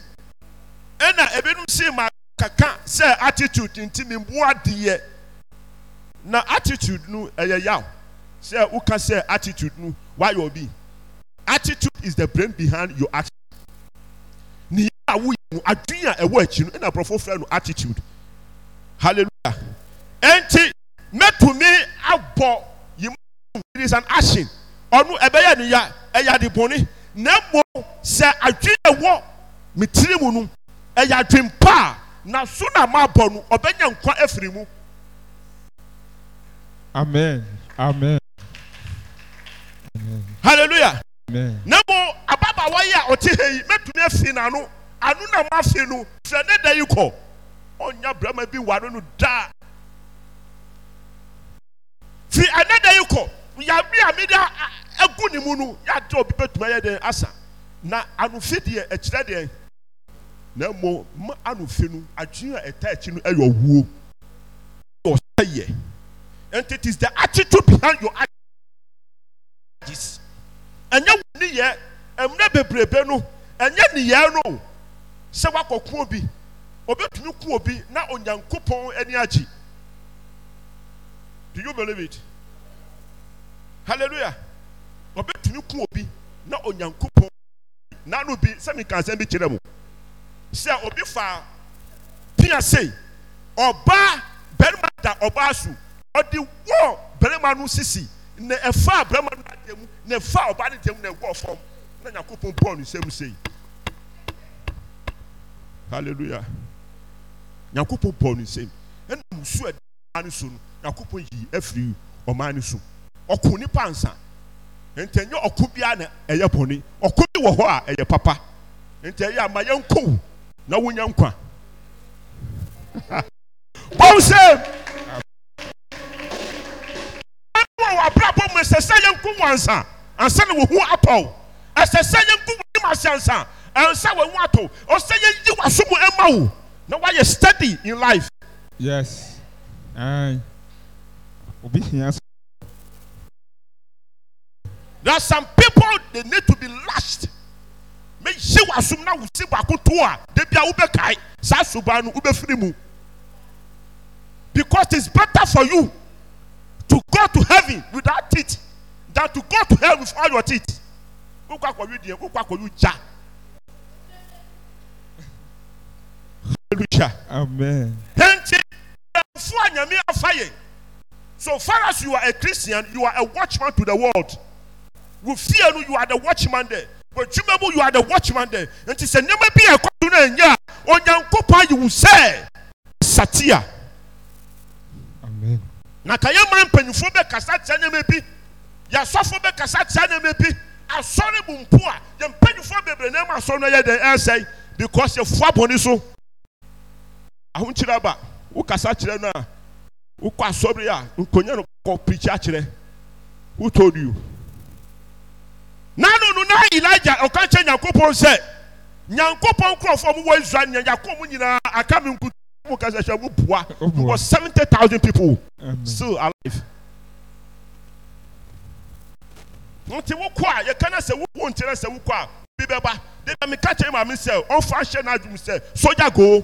ɛnna ebinom sii makaka sɛ attitude nti membo aden eɛ na attitude no ɛyɛ yaw sɛ woka sɛ attitude no w'ayɔ bi attitude is the brain behind your action neyɛa woyɛ no adwena ɛwɔ akyi nu ɛna borɔfo fra no attitude halleluya ɛnti mɛtu me abɔ ym ris an ahyen ɔno ɛbɛyɛ noya ɛyadebɔne na mmom sɛ adwena wɔ me tiri mu no ɛyɛ adwene pa a na so na ma bɔ no ɔbɛnya nkwa afiri mu. amen amen. hallelujah. amen. na mo ababaawa yi a ɔte ha yi mɛtumi afi n'ano ano na mo afi no sɛ ne da yi kɔ ɔnya barima bi ware no daa fi ɛne da yi kɔ yàmi àmì dá egu ni mu no yàtọ̀ obi bẹ́tùmẹ́ yẹ dẹ́ asa na anufi deɛ ɛkyerɛ deɛ. namm ma ano fe no adwene a ɛta akyi no ɛyɛ ɔwuo yɔsɛ yɛ nti tis the attitude behind your ages ɛnyɛ wo nniyɛ merɛ bebrebe no ɛnyɛ niyɛɛ no sɛ wakɔkoɔ bi ɔbɛtumi kuɔ bi na onyankopɔn ani agye duwou belivit halleluia ɔbɛtumi kuɔ bi na onyankopɔn nano bi sɛneka sɛm bi kyerɛ mo sɛ obi faa pia sei ɔba barima da ɔba so ɔde wɔ barima no sisi ne ɛfaa barima no adɛ mu ne ɛfaa ɔba no dɛmu na ɛwɔ fam na nyankopɔn bɔɔno nsɛmsei alleluya nyankopɔn bɔɔ no nsm nnamusuoad ɔma n so no nyankopɔn yii afirii ɔma ne so ɔko nipansa ɛnti ɛnyɛ ɔko bia ne ɛyɛ bɔne ɔko bi wɔ hɔ a ɛyɛ papa ɛnti ɛyɛɛ ama yɛnk na wonya nkwa bɔ sɛ ww'abrabɔ mu ɛsɛ sɛ yɛ nko wɔ ansa ansɛ ne wɔhu atɔw ɛsɛ sɛ yɛnku wɔ nyim aseansa ɛnsa wahu atɔw ɔsɛ yɛgyi w'aso mɔ ɛma wo na woayɛ study in life therea some peple the ned to be last wwwokaesaawfimu bes tis better for you to go to heavn with thatt than togtoityoss yoaeachistioa awatchman to the wrldoathet bdwuma mu youar the watchmant den nti sɛ nnoɔma bi yɛɛkɔtonoɛnyɛa onyankopɔn ayɛwo sɛ satea na ka yɛmmara mpanyimfoɔ bɛkasatea nnoma bi yɛ sɔfoɔ bɛkasatea nnoma bi asɔre bompu a yɛmpanyimfoɔ bebrennama asɔ no yɛ dɛ ɛsɛe because yɛfuabɔne so ahokyerɛ ba wo kasa kyerɛ no a wokɔ asɔbere a nkonya no kɔ pikyiakyerɛ who told you nonna ilija ɔka kyɛ nyankopɔn sɛ nyankopɔn kurɔfoɔ muwɔ isua nayakomu nyinaa aka mikasɛhyɛ woboaɔ 70 000 people stil aliv nti wokɔ a yɛka na sɛ woont na sɛ wokɔ a bi bɛba da meka kyɛimame sɛ ɔmfanhyɛ n'adwum sɛ soja go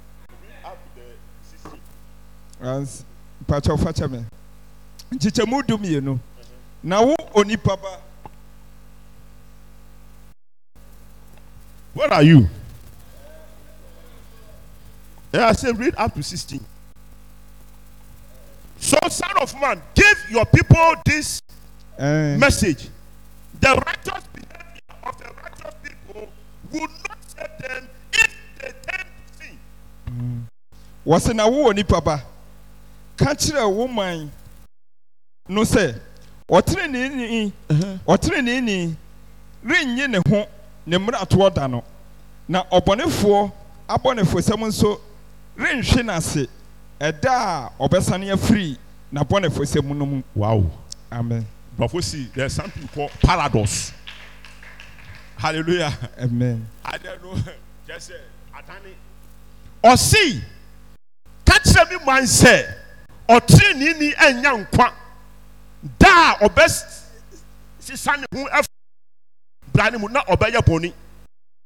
mpakyɛw fakyɛ me nkyekyɛmu du mmienu na wo onipa ba where are you yeah, i say read up to sixteen so son of man give your people this uh, message the righteous behavior of the righteous people will not save them if they turn to sin. Mm. wọ́n sẹ́ na wo wọ nípa ka kyerɛ wo man no sɛ ɔteneneeni ɔteneneeni renye ne ho ne mmeratoɔ da no na ɔbɔnefoɔ abɔnefosɛm nso renhwe n'ase ɛda a ɔbɛsane afiri n'abɔnefosɛm no mu. wow amen. brɔfo si there is something called paradox hallelujah amen. adeɛ no uh, kyerɛ sɛ atane ɔsi kakyere mi ɔtere ne nkwa daa a ɔbɛsesa ne ho afa bra ne mu na ɔbɛyɛ bɔne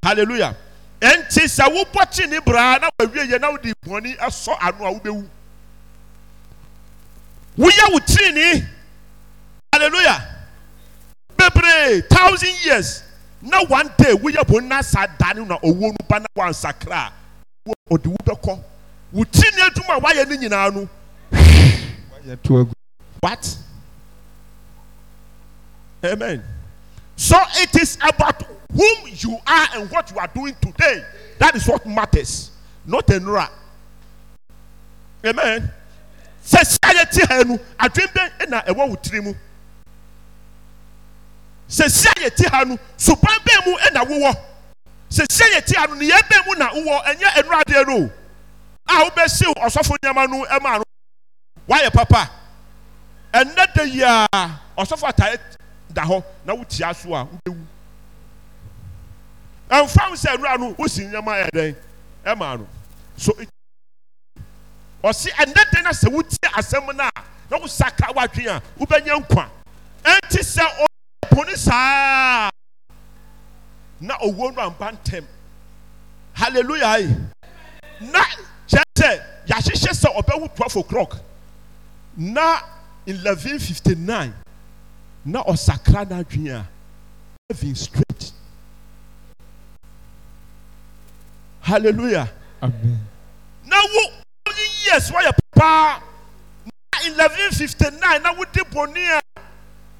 hallelujah ɛnti sɛ wobɔ kye ne braa na wawie yɛ na wode bɔne ɛsɔ ano a wobɛwu woyɛ wo tirini hallelujah bebree thousand years na one day woyɛ bɔne na saa da ne na owuo no ba na wansakra a ɔde wo bɛkɔ wo tirini adwuma a woayɛ ne nyinaa no but amen so it is about hom you are and what you are doing today that is what matters not anura amen sɛ siayɛ ti ha no adwen pɛn na ɛwɔ wo tiri mu sɛ sia yɛ ti ha no supan pɛ mu na wowɔ sɛ sia yɛ tiha no ne yɛ bɛ mu na wowɔ ɛnyɛ ɛnoradeɛ noo a wobɛsiw ɔsɔfo nyɛma nomano wayɛ papa ɛnɛ da yi a ɔsɔfo atae da hɔ na wotia so a wobɛwu ɛmfa wo sɛ nwura no wosi nneɛma yɛ dɛn ɛma e no so ɔsi ɛnɛ da na sɛ wotie asɛm no na wo saka woadwe a wobɛnyɛ nkwa ɛnti sɛ uh, ɔyɛ pone saa na owuo no ampa ntɛm hallelujah na kyerɛ sɛ yɛahyehyɛ sɛ ɔbɛwu 12 o'clock na 1159 na ɔsakra n'adwenen a evin straight halleluja na woi yɛs wayɛ papaa na 11e59n na wode bɔni a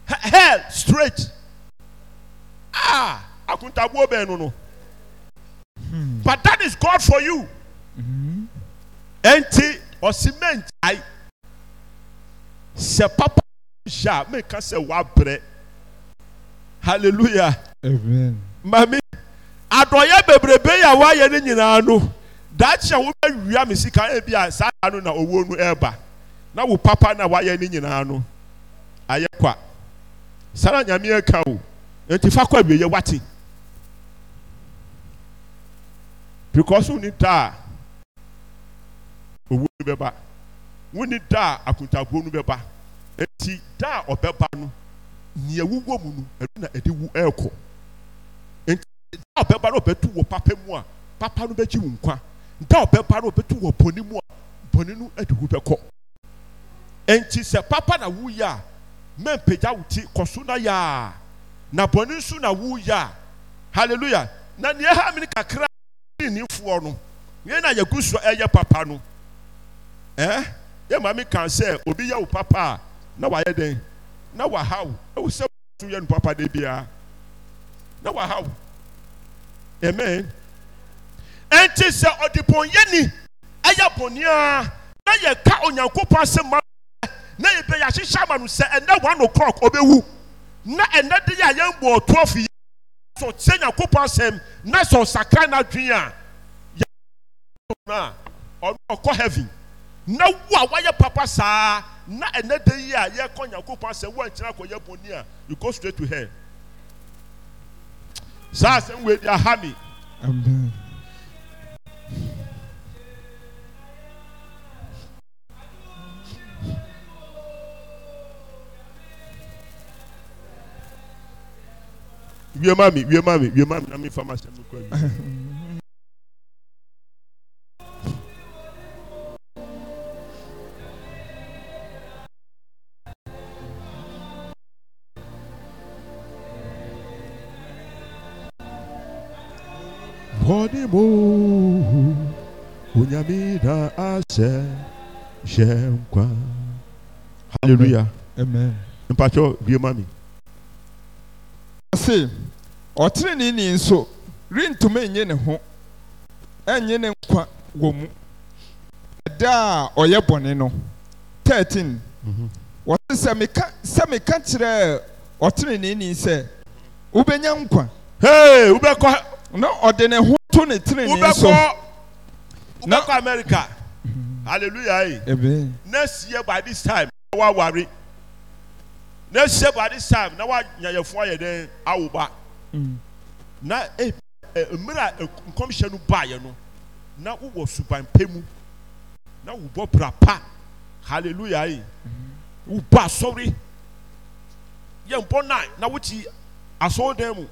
hell straight ah, akontabo bɛn no no hmm. but that is god for you ɛnti mm-hmm. ɔsemankye sɛ papa hyɛ a meka sɛ hallelujah amen mame adɔyɛ bebrebe yi a woayɛ no nyinaa no daakye a wobɛwia me sika ebi a saa da no na owuo no ɛreba na wo papa na woayɛ no nyinaa no ayɛ kwa saa na nyame ɛka o nti fa kɔ awieyɛ wati because wonni taa owuo no ba. wone da a akontabuo no bɛba enti da a ɔbɛba no nea wuwɔ mu no na ediwu wu ɛrekɔ nti da ba ɔbɛba no ɔbɛtu wɔ papa mu a papa bɛ bɛgye wo nkwa da a ɔbɛba no ɔbɛtu wɔ bɔne mu a bɔne no ɛde wu bɛkɔ enti sɛ papa na wuya a mɛmpagya wo ti kɔ na yɛ na bɔne nso na wuyɛ a hallelujah na nea ɛha mi kakra ne nifoɔ no yɛn na yɛgu so ɛyɛ papa no ɛɛ. Eh? yɛma me ka sɛ obi yɛwo papa a na wayɛ dɛn na whaw ɛw sɛyɛnopapada biara na whaw amen nti sɛ ɔdepɔn yɛni ɛyɛ bɔne ar na yɛka onyankopɔn asɛm ma na yɛbɛ yɛahyehyɛ ama no sɛ ɛnɛ 1 0cock obɛwu na ɛnɛ deyɛ a yɛboɔ2of sɛɔteɛ nyankopɔn asɛm na sɛ ɔsakra n'adwen a yɛno a ɔnoɔkɔ heaven na wo a wayɛ papa saa na ɛnɛ de yi a yɛkɔ nyankopɔn asɛm wɔnkyerɛ akɔyɛ bɔni a you go straight to hell saa asɛm wei de aha me wiemami wiemami wiemami na mi fa ma sɛ mi kɔ wi. [LAUGHS] aɛa allela am mpaɛ diam ɛse ɔtenene ni nso rentomi nnye ne ho nyene nkwa wɔ mu ɛda a ɔyɛ bɔne no 13 wɔ ɛsɛ meka kyerɛɛ ɔtenene ni sɛ wobɛnya nkwa wobɛkɔn ɔde ne ho to ne tirinwi so. wobɛkɔ america hallelujah yi eh. next year by this time na wa wari next year by this time na wa nyayɛfo ayɛ dɛ hmm. na e eh, eh, mmerɛ na nkɔmhyɛ no baayɛ no na wowɔ subanpɛ mu na wobɔ bra pa hallelujah yi hmm. woba ya yɛ mbɔ na wokyi asɔredan mu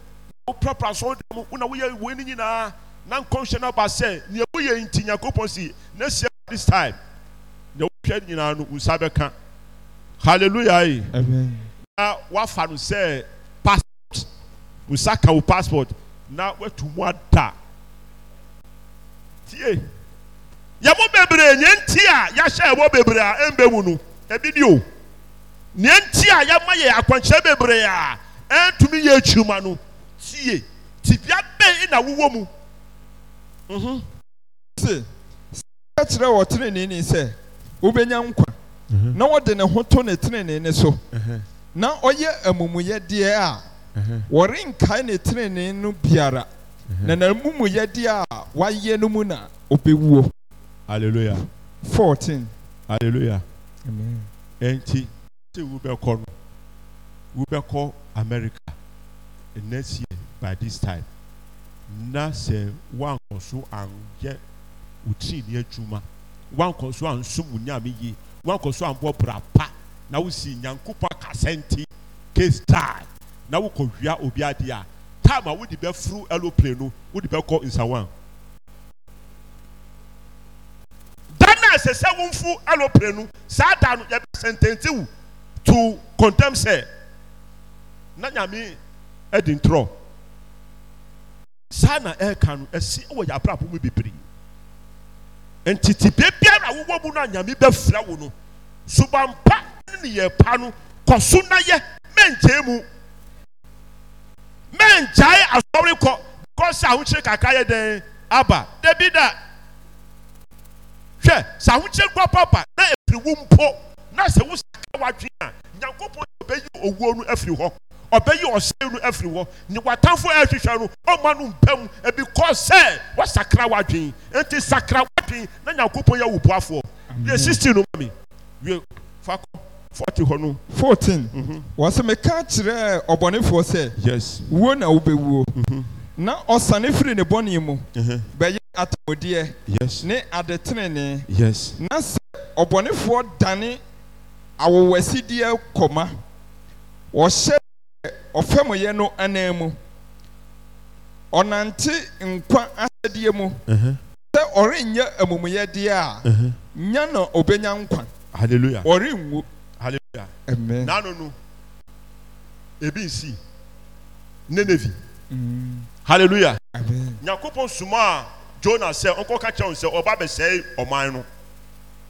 wopirapira asɔredan na wona woyɛ wei no nyinaa. nkɔ hyɛ no ba sɛ neamu yɛ nti nyankopɔn si ne siathis time nawowa nyinaa no wsa bɛka haleluyae na woafa no sɛ passport wsa ka wo passport na wato mu ada tie yɛmɔ bebree neɛ nti a yɛhyɛ ɛbɔ bebree a ɛmbɛmu no abi neo neaɛ nti a yɛama yɛ akwankyerɛ bebree a ɛntumi yɛ kwiruma no ie tibia bɛ na wowɔ mu sị mm-hmm. sịka kyerɛ wɔ trenini sɛ wobɛnya nkwa mm-hmm. na wɔde ne ho to ne trenini so mm-hmm. na ɔyɛ amumuyɛdeɛ a wɔrenkae ne trenini no biara na n'amumuyɛdeɛ a wayɛ no mu na obɛwuo hallelujah fourteen hallelujah amen ɛnti sɛ wobɛkɔ no wobɛkɔ america next year by this time na sɛ woankɔ so anyɛ wo tirinni adwuma woankɔ so ansom wo nyame yie woankɔ so ambɔ bra na wosi nyankopɔn akasa nti case tie na wokɔwia obi adeɛ a time a wode bɛfuru aeroplane no wode bɛkɔ nsawan dana na ɛsɛ sɛ womfu aeroplane no saa da no yɛbɛsɛntɛnte wo to kɔntɛm sɛ na nyame adi ntorɔ saa na ɛreka no ɛsi wɔ yɛ abrabɔ mu bebree ntete biara wowɔ mu no a nyame bɛfira wo no subampa ne yɛ pa no kɔ so na yɛ mɛnkyɛn mu mɛnkyae asɔre kɔ kɔsɛ ahokyere kakra yɛ dɛn aba dabi da hwɛ sɛ ahokyere gua papa na efiri wo mpo na sɛ wo sika wadwe a nyankopɔn bɛyi owuo no efiri hɔ ɔbɛyi ɔsɛn no afiri hɔ ne watamfo ɛhwehwɛ no ɔma no mpam ebi kɔ sɛ wasakra wadwin nti sakra wadwin na nyankopɔn yɛ wubuafoɔ yɛ sixteen no mami yɛ fakɔ Fourteen. hɔ mhm. no. fourteen wɔsɛ meka kyerɛ ɔbɔnefoɔ sɛ yes wuo na wobɛwuo mhm. na ɔsane firi ne bɔne mu mhm. bɛyɛ atɔdeɛ yes ne adetenene yes na sɛ ɔbɔnefoɔ dane awowasideɛ kɔma wɔhyɛ ɔfɛmuyɛ no anan mu ɔnante nkwa asadeɛ mu sɛ ɔrenyɛ amumuyɛdeɛ a nya na ɔbɛnya nkwa hallelujah ɔrenwu hallelujah amen nanu no ebi nsi nenevi mm. hallelujah amen nyakopɔn suma a jona sɛ ɔkɔ kakyɛ ɔn sɛ ɔba abɛsɛe ɔman no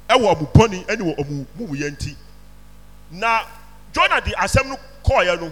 ɛwɔ ɔmu pɔni ɛni wɔ ɔmu muwuyɛ nti na jona de asɛm no kɔɔyɛ no.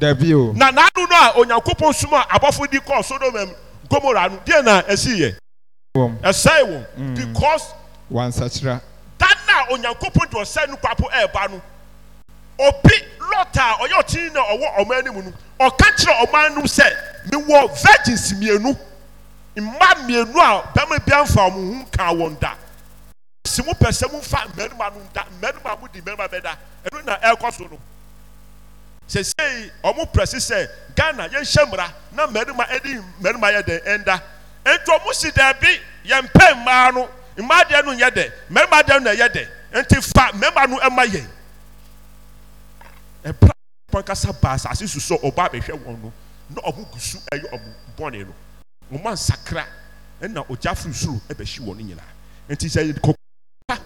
dabi o. na n'anu no a onyankopɔn suma abɔfo di kɔɔ sodoma mu gomora no deɛ na ɛsi yɛ. ɛsɛe wɔn. Mm. because. wansakyera. dan na onyankopɔn de ɔsɛe no papo ɛɛba no obi lɔta a ɔyɛ ɔtí na ɔwɔ ɔman anim no ɔka kyerɛ ɔman no sɛ mewɔ virgins mmienu mma mmienu a bɛrima bi anfa wɔn ho nka wɔn da si mo fa mmarima no da mmarima mo di mmarima bɛ da ɛno na ɛrekɔ so no. sesei ɔmo prɛsi sɛ ghana yɛnhyɛ mmara na mmarima ɛdi mmarima yɛ dɛ ɛnda nti ɔmo si dɛbi yɛn mpɛ mmaa no mmaa deɛ no yɛ dɛ mmarima deɛ no yɛ dɛ nti fa mmarima no ɛma yɛn ɛbra pɔn kasa baa asase so so ɔbaa bɛhwɛ wɔn no na ɔmo gu so ɛyɛ ɔmo bɔnne no ɔmo ansakra ɛna ɔgya firi soro ɛbɛhyi wɔn nyinaa nti sɛ yɛ kɔkɔ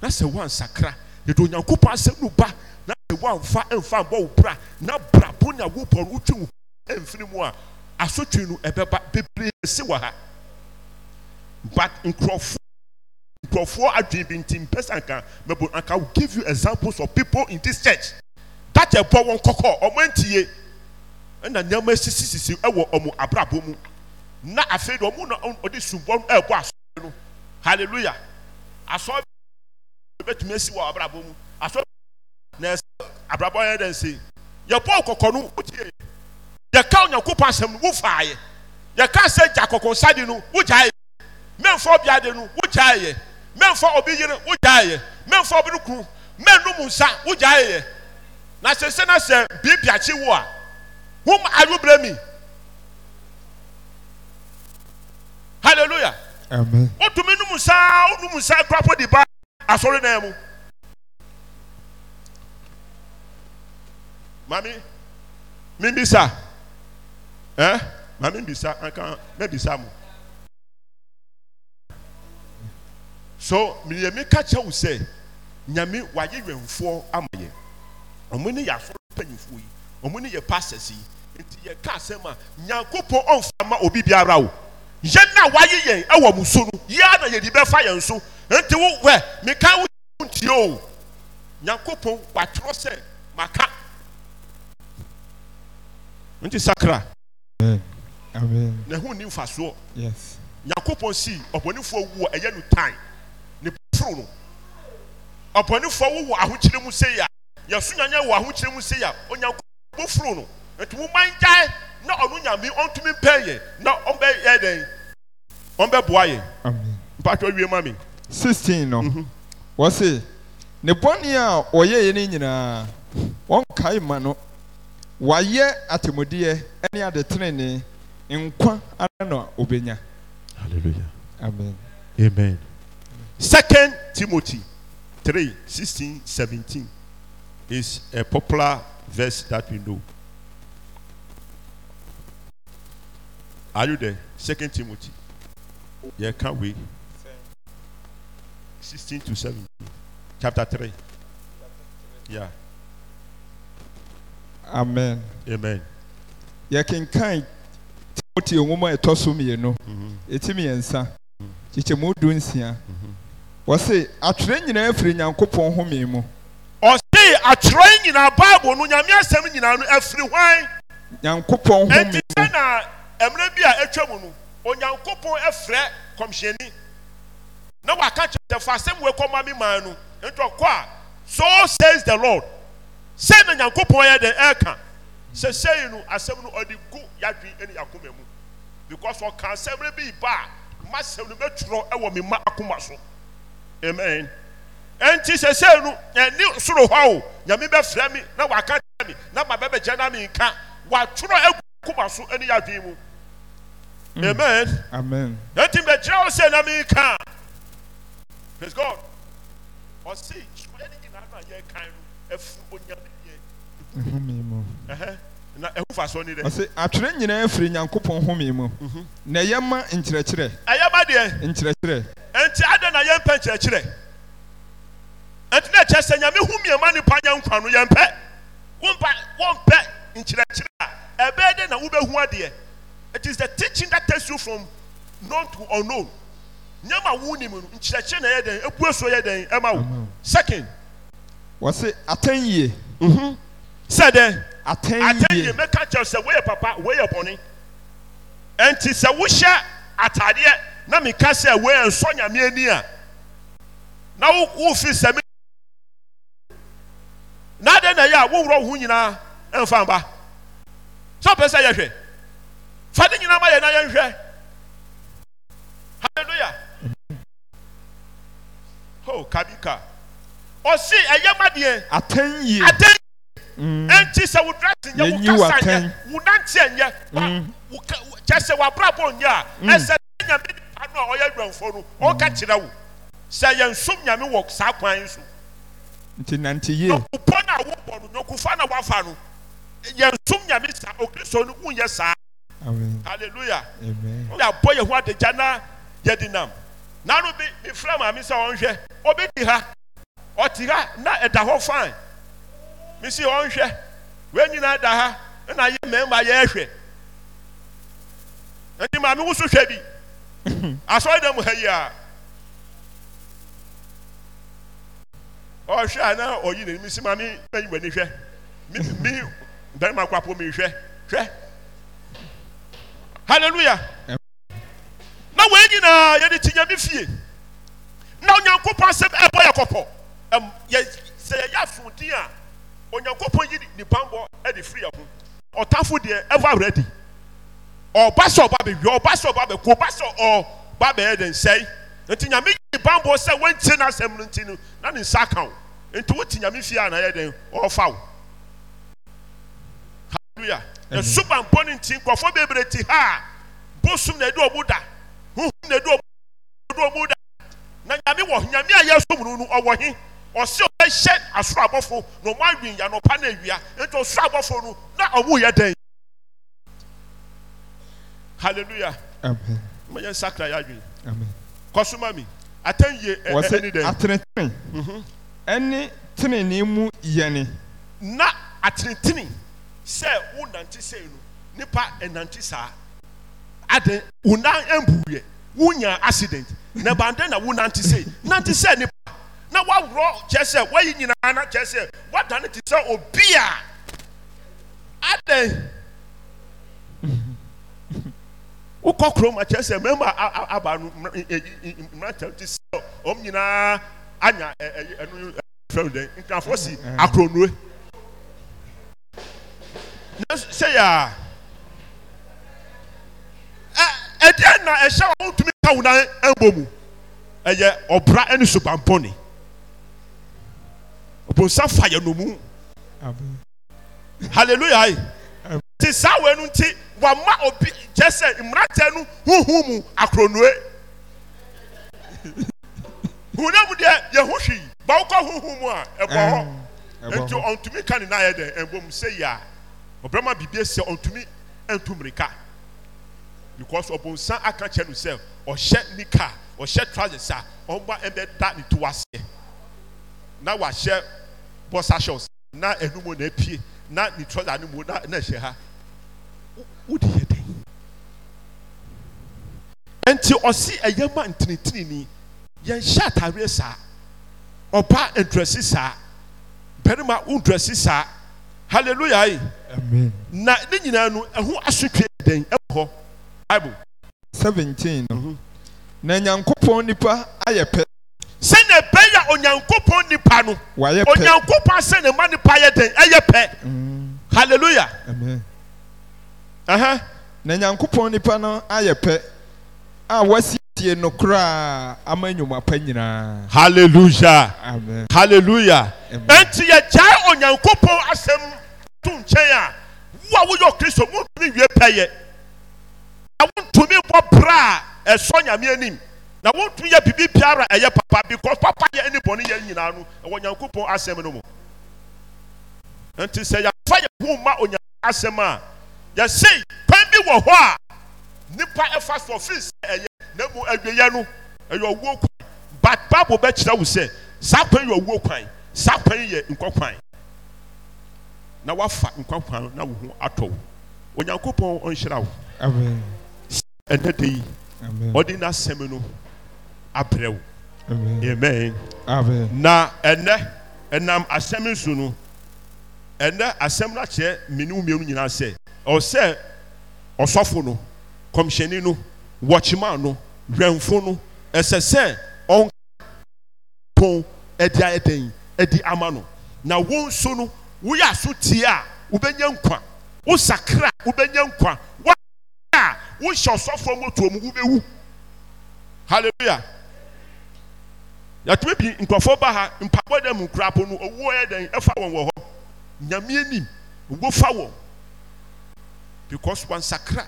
na sɛ wɔn ansakra yɛ do onyankopɔn asɛm ɛwɔ nfa nfa nbɔ wo bra na bra bo na wo pɔn wotwi wo mfini mu a asotwi no ɛbɛba bebree si wɔ ha but nkurɔfoɔ nkurɔfoɔ adwene bi nti mpɛ nka mɛbo nka will give you examples of people in this church that ɛbɔ wɔn kɔkɔ ɔmo ntie ɛna nneɛma sisisisi ɛwɔ ɔmo abrabɔ mu na afei de ɔmo na ɔde subɔ no ɛbɔ asɔre no hallelujah asɔre bɛtumi esi wɔ abrabɔ mu asɔre na ɛsɛ abrabɔ yɛ dɛ nse yɛbɔ kɔkɔ no wotie yɛka onyankopɔn asɛm no wofaayɛ yɛka sɛ gya kɔkɔ nsade no wogyaeɛ mɛmfa obi ade no wogyaeɛ mɛmfa obi yere wogyaeɛ mɛmfa obi no kunu mɛnum nsa wogyaeɛ na sese na sɛ bibiakye wo a wom ayobrɛ mi hallelujah wotumi num nsa wonum nsa kurapɔ di ba asɔre nan mu. mami mimbisa ɛn eh, mami bisa an kan mɛ bisa mu so mìyẹn mi ka kyɛw sɛ nyame wàyé wɛnfoɔ ama yɛ ɔmo ne yɛ afɔlɔ mpanyinfoɔ yi ɔmo yɛ pastors yi nti yɛ ka asɛm ma nyankopɔn ɔnfa ma obi biara o yɛn na wàyé yɛn ɛwɔ e mu so no yɛn na yɛde fa yɛn so nti wo wɛ wo ntie o nyankopɔn wàtwerɛ sɛ maka. nti sakra na ɛho nni mfasoɔ nyankopɔn sii ɔbɔnefoɔ a ɛyɛ no tan ne poforo no ɔbɔnefoɔ wowɔ ahokyerɛ mu sei a yɛso nyanya wɔ ya mu sei a onyankopɔn boforo no nti na nyame na bua wie 16 mhm. ne a nyinaa ma no wayɛ atamudeɛ aneadetrene nkwa ana no obɛnya alleluya amen amen 2eo timoty 3 1617 is a popular verse that e o 2 timt yɛka wei 167 cap 3 amen amen yɛkenkan timoti nwoma a ɛtɔ so mmienu mm-hmm. ɛti mmiɛnsa kyekyɛmu du nsia mm-hmm. wɔse atwerɛ nyinaa firi nyankopɔn home mu ɔse atwerɛ nyinaa bible no nyame asɛm nyinaa no afiri hwan nyankopɔn home mu ɛnti sɛ na mmerɛ bi a atwa mu no onyankopɔn afrɛ kɔmhyɛni na waka kyerɛ sɛ fa asɛm wɔ kɔma me man no nti ɔkɔ a so says the lord sɛn na nyankopɔn yɛ dɛn ɛɛka sɛ sɛyi no asɛm no ɔde gu yadwi ɛne yakoma mu because ɔka asɛm no bi ba a ma sɛm no bɛtwerɛ ɛwɔ me ma akoma so amen ɛnti sɛ sɛyi no ɛne soro hɔ o nyame bɛfrɛ me na waka kyerɛ me na ma bɛbɛgya na me nka watwerɛ agu akoma so ɛne yadwi mu mm. amen amen ɛnti bɛgyerɛ wo sɛ na me nka praise god ɔse sɔɛ nyinaa na yɛkan no ɛfiri onyame yɛ. ɛhome mu. na ɛho fa so ni dɛ. ɔsi atwere nyinaa firi nyankopɔn home mu. Mhm. na ɛyɛ ma nkyerɛkyerɛ. ɛyɛ ma deɛ. nkyerɛkyerɛ. nti adan na yɛn pɛ nkyerɛkyerɛ ɛnti na ɛkyɛ sɛ nyame hu mmiɛma nipa nyɛ nkwa no yɛn pɛ wɔmpɛ wɔmpɛ nkyerɛkyerɛ a ɛbɛyɛ dɛ na wobɛhu adeɛ it is the teaching that takes you from known to unknown nyɛma wo nim no nkyerɛkyerɛ na ɛyɛ dɛn ebue so yɛ dɛn ɛma wo second. wɔse atɛm ye sɛ dɛn aaɛ ye mɛka kyɛw sɛ woyɛ papa we yɛ bɔne ɛnti sɛ wohyɛ atadeɛ na meka sɛ wo yɛ nsɔ nyame anin a na wofi sɛme na adɛn na ɛyɛ a woworɔ wo ho nyinaa mfam ba sɛ mopɛ sɛ ɛyɛhwɛ fade nyina ma yɛ na yɛnhwɛ haleluya ho mm-hmm. oh, kabi ka ɔsi ɛyɛ ma deɛ. atɛn yie atɛn yie. ɛnti sɛ wò dírẹ́sì nyɛ wò kasa nyɛ wò nantiɛ nyɛ wò kyɛsɛ wò abrabɔ nyɛ a ɛsɛ nyame anu a ɔyɛ awuranfo no ɔka kyerɛ wò sɛ yɛn nsum nyame wɔ saa kwan so. nti nante yie. nyɔkupɔ na awo bɔ no nyɔkufa na wafa no yɛn nsum nyame saa okristo no wò nyɛ saa. hallelujah. wọ́n yà bọ́ yẹn ho adagya náà yẹ di nam. nanu bi efura maame sẹ wọn hwẹ obi di ha. ɔte ha na ɛda hɔ fine mesi ɔnhwɛ wɔn nyinaa da ha na yɛ mmarima yɛrehwɛ nti maame woso hwɛ bi [LAUGHS] asɔredan ha yi a ɔhwɛ a na ɔyi n'anim si maame mayi w'ani hwɛ mi mi barima kɔ apɔ mi hwɛ hwɛ hallelujah na wɔn nyinaa yɛde ti nya bi fie na onyankopɔn asɛm ɛbɔ yɛ kɔpɔ. sɛ yɛyɛ afodin a onyankopɔn yi nibanbɔɔ ɛde firi ho ɔtamfo deɛ ɛvarɛdi ɔrbsɛ ɔba bɔɔɔsɛɔbabɛyɛ dɛn sɛe nti nyamenibanbɔɔ sɛ wone nosɛmmonti nna nesa aka wo nti woti nyamefieanayɛ dɛnɔrfawo ela subabo ne nti kɔfɔ bebrɛ ti ha a bone dubda da na nyae nyame ayɛsomun n ɔwɔ h ɔsi ɔbɛhyɛ asoro abɔfo na ɔmo awi yanɔpa na awia nti ɔsoro no na ɔmo yɛ dɛn hallelujah amen mɛ yɛn sakra yɛ adwi amen kɔsuma mi atɛn yie ɛɛ e, ɛni dɛ atenetene ɛni mhm. tenenee mu yɛni. na atenetene sɛ wo nante sɛn no nipa ɛnante e saa aden wo nan ɛmbu yɛ wo nya accident na ban den na wo nante sɛn nante sɛn nipa. na waworɔ kyerɛ sɛ wayi nyinaa na kyerɛ sɛ wadane te sɛ obi a adɛn [LAUGHS] wokɔ kurom a kyerɛ sɛ mmarima aba no mmeranteɛ e, e, e, te sɛ ɔm nyinaa anya ɛno frɛ no dɛn nkrafoɔ si akoronnue sɛ yɛ a ɛdeɛn na ɛhyɛ wɔn tumi ka wo mu ɛyɛ ɔbra ne subanpɔne bosa fa yɛ nomu hallelujah yi ti saa wɔ enu ti wa ma obi kyɛ sɛ mmeranteɛ no huhu mu akoronue [LAUGHS] hunamu deɛ yɛ ho hwi bawo kɔ huhu mu a ɛbɔ hɔ nti ɔntumi ka ne nan yɛ dɛ ɛnbom e sɛ yia ɔbɛrɛma bibi esi ɔntumi ɛntu mmirika because ɔbɔnsa aka kyɛ no sɛ ɔhyɛ nika ɔhyɛ trousers a ɔmba ɛbɛda ne to aseɛ na wahyɛ. wode yɛ dɛn ɛnti ɔse ɛyɛ ma ntinitinini yɛnhyɛ ataweɛ saa ɔba ndrɛsi saa bɛnima worndrɛsi saa halleluyai na ne nyinaa no ɛho asotweɛ dɛn w hɔo n nyankopɔn nnipa ayɛ pɛ sɛne bɛ ya onyankopɔn nnipa no oyankopɔn asɛne ma nipa yɛ den ɛyɛ pɛ mm. halleluyaɛh na nyankopɔn nnipa no ayɛ pɛ a woasisie nokoraa ama nnwoma pa nyinaaaelyaaeluya ɛnti yɛgyae onyankopɔn asɛm tom nkyɛn a woa woyɛ kristo wotumi wie pɛyɛ na wontumi bɔ brɛ a ɛsɔ nyame nim otuyɛ bibi biar ɛyɛ ppa becuseppa yɛ nibɔneyɛ nyinaa no ɛwɔ nyankopɔn asɛm no mu nti sɛ yɛafyɛhma aɛm a yɛsei kwan bi wɔ hɔ a nnipa fa sofen sɛ ɛyɛ na mm adɛ no ɛyɛ ɔwuo wan bt bible bɛkyerɛ wo sɛ saa kwan yɛ ɔwuo kwan saa wanyɛ nwakwan nawafa nkwawan nwo atɔ wonyankopɔnɔhyerɛwɛndy ɔdnɛm no abrɛ wo amen na ɛnnɛ ɛnam asɛm nsu no ɛnɛ asɛm no akyerɛ meni wo mieno nyinaa sɛ ɛwɔ sɛ ɔsɔfo no kɔmhyɛni no wachyema no wɛmfo no ɛsɛ sɛ ɔnkapɔn ɛdi a ɛden adi ama no na wo nso no woyɛ aso tie a wobɛnya nkwa wo sakraa wobɛnya nkwa woɛ a wohyɛ ɔsɔfoɔ mɔtuo mu wobɛwu halleluya yɛtumi bi nkurɔfoɔ ba ha mpabɔ dɛ mu nkurafo no owuo yɛ dɛn ɛfa wɔn wɔ hɔ nyame anim owuo fa wɔn because wansakra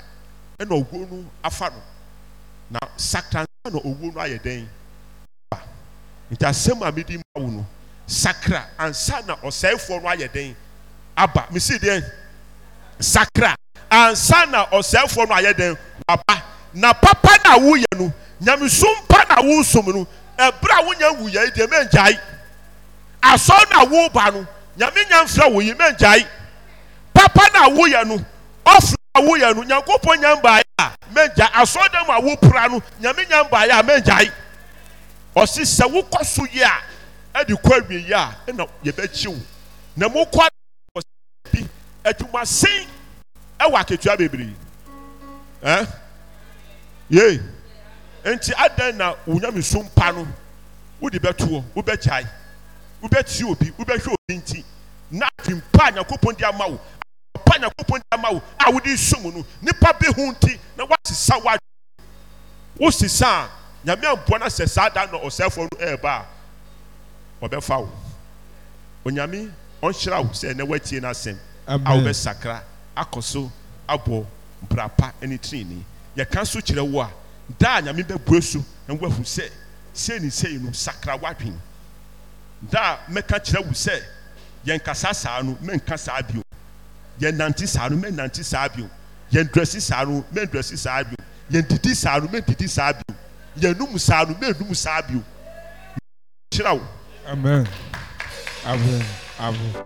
ɛna owuo no afa no na sakra na owuo no ayɛ dɛn ba nti asɛm a medi ma no sakra ansa na ɔsɛefoɔ no ayɛ dɛn aba mesi dɛn sakra ansa na ɔsɛefoɔ no ayɛ dɛn waba na papa na woyɛ no nyamesom pa na wosom no ɛbrɛ a wonya wu yɛ deɛ mɛngyae asɔn na woba no nyame nya mfrɛ wo yi mɛngyae papa na woyɛ no ɔfrɛ a woyɛ no nyankopɔn nya mbaeɛ a mɛngyae asɔn dɛm a wopra no nyame nya mbaeɛ a mɛngyae ɔsi sɛ wokɔ so yie a ɛde kɔ awie yie a ɛna yɛbɛkyi wo na mo kɔ ɔsi bi adwuma sen ɛwɔ aketewa bebree ɛɛ yee. nti adan na wonyame so mpa no wode bɛtoɔ wobɛgyae wobɛtie obi wobɛhwɛ obi nti na adwin pa nyankopɔn de ama wo pa nyankopɔn de ama wo a wode som no bi bɛhu nti na woasesa woadwen wosesa a nyame amboa no sɛ saa da na ɔsɛefoɔ no ɛreba a ɔbɛfa wo onyame ɔnhyira wo sɛ na woatie no asɛm a wobɛsakra akɔ so abɔ mpra pa ne tirini yɛka so kyerɛ wo a daa nyame bɛbue so na woahu sɛ sei ne sei no sakra w'adwen daa mɛka kyerɛ wo sɛ yɛnkasa saa no mɛnka saa bio yɛnnante saa no mɛnnante saa bio yɛndrɛsi saa no mɛndrɛsi saa bio yɛndidi saa no mɛndidi saa bio yɛnum saa no mɛnum saa bio kyerɛ amen amen amen.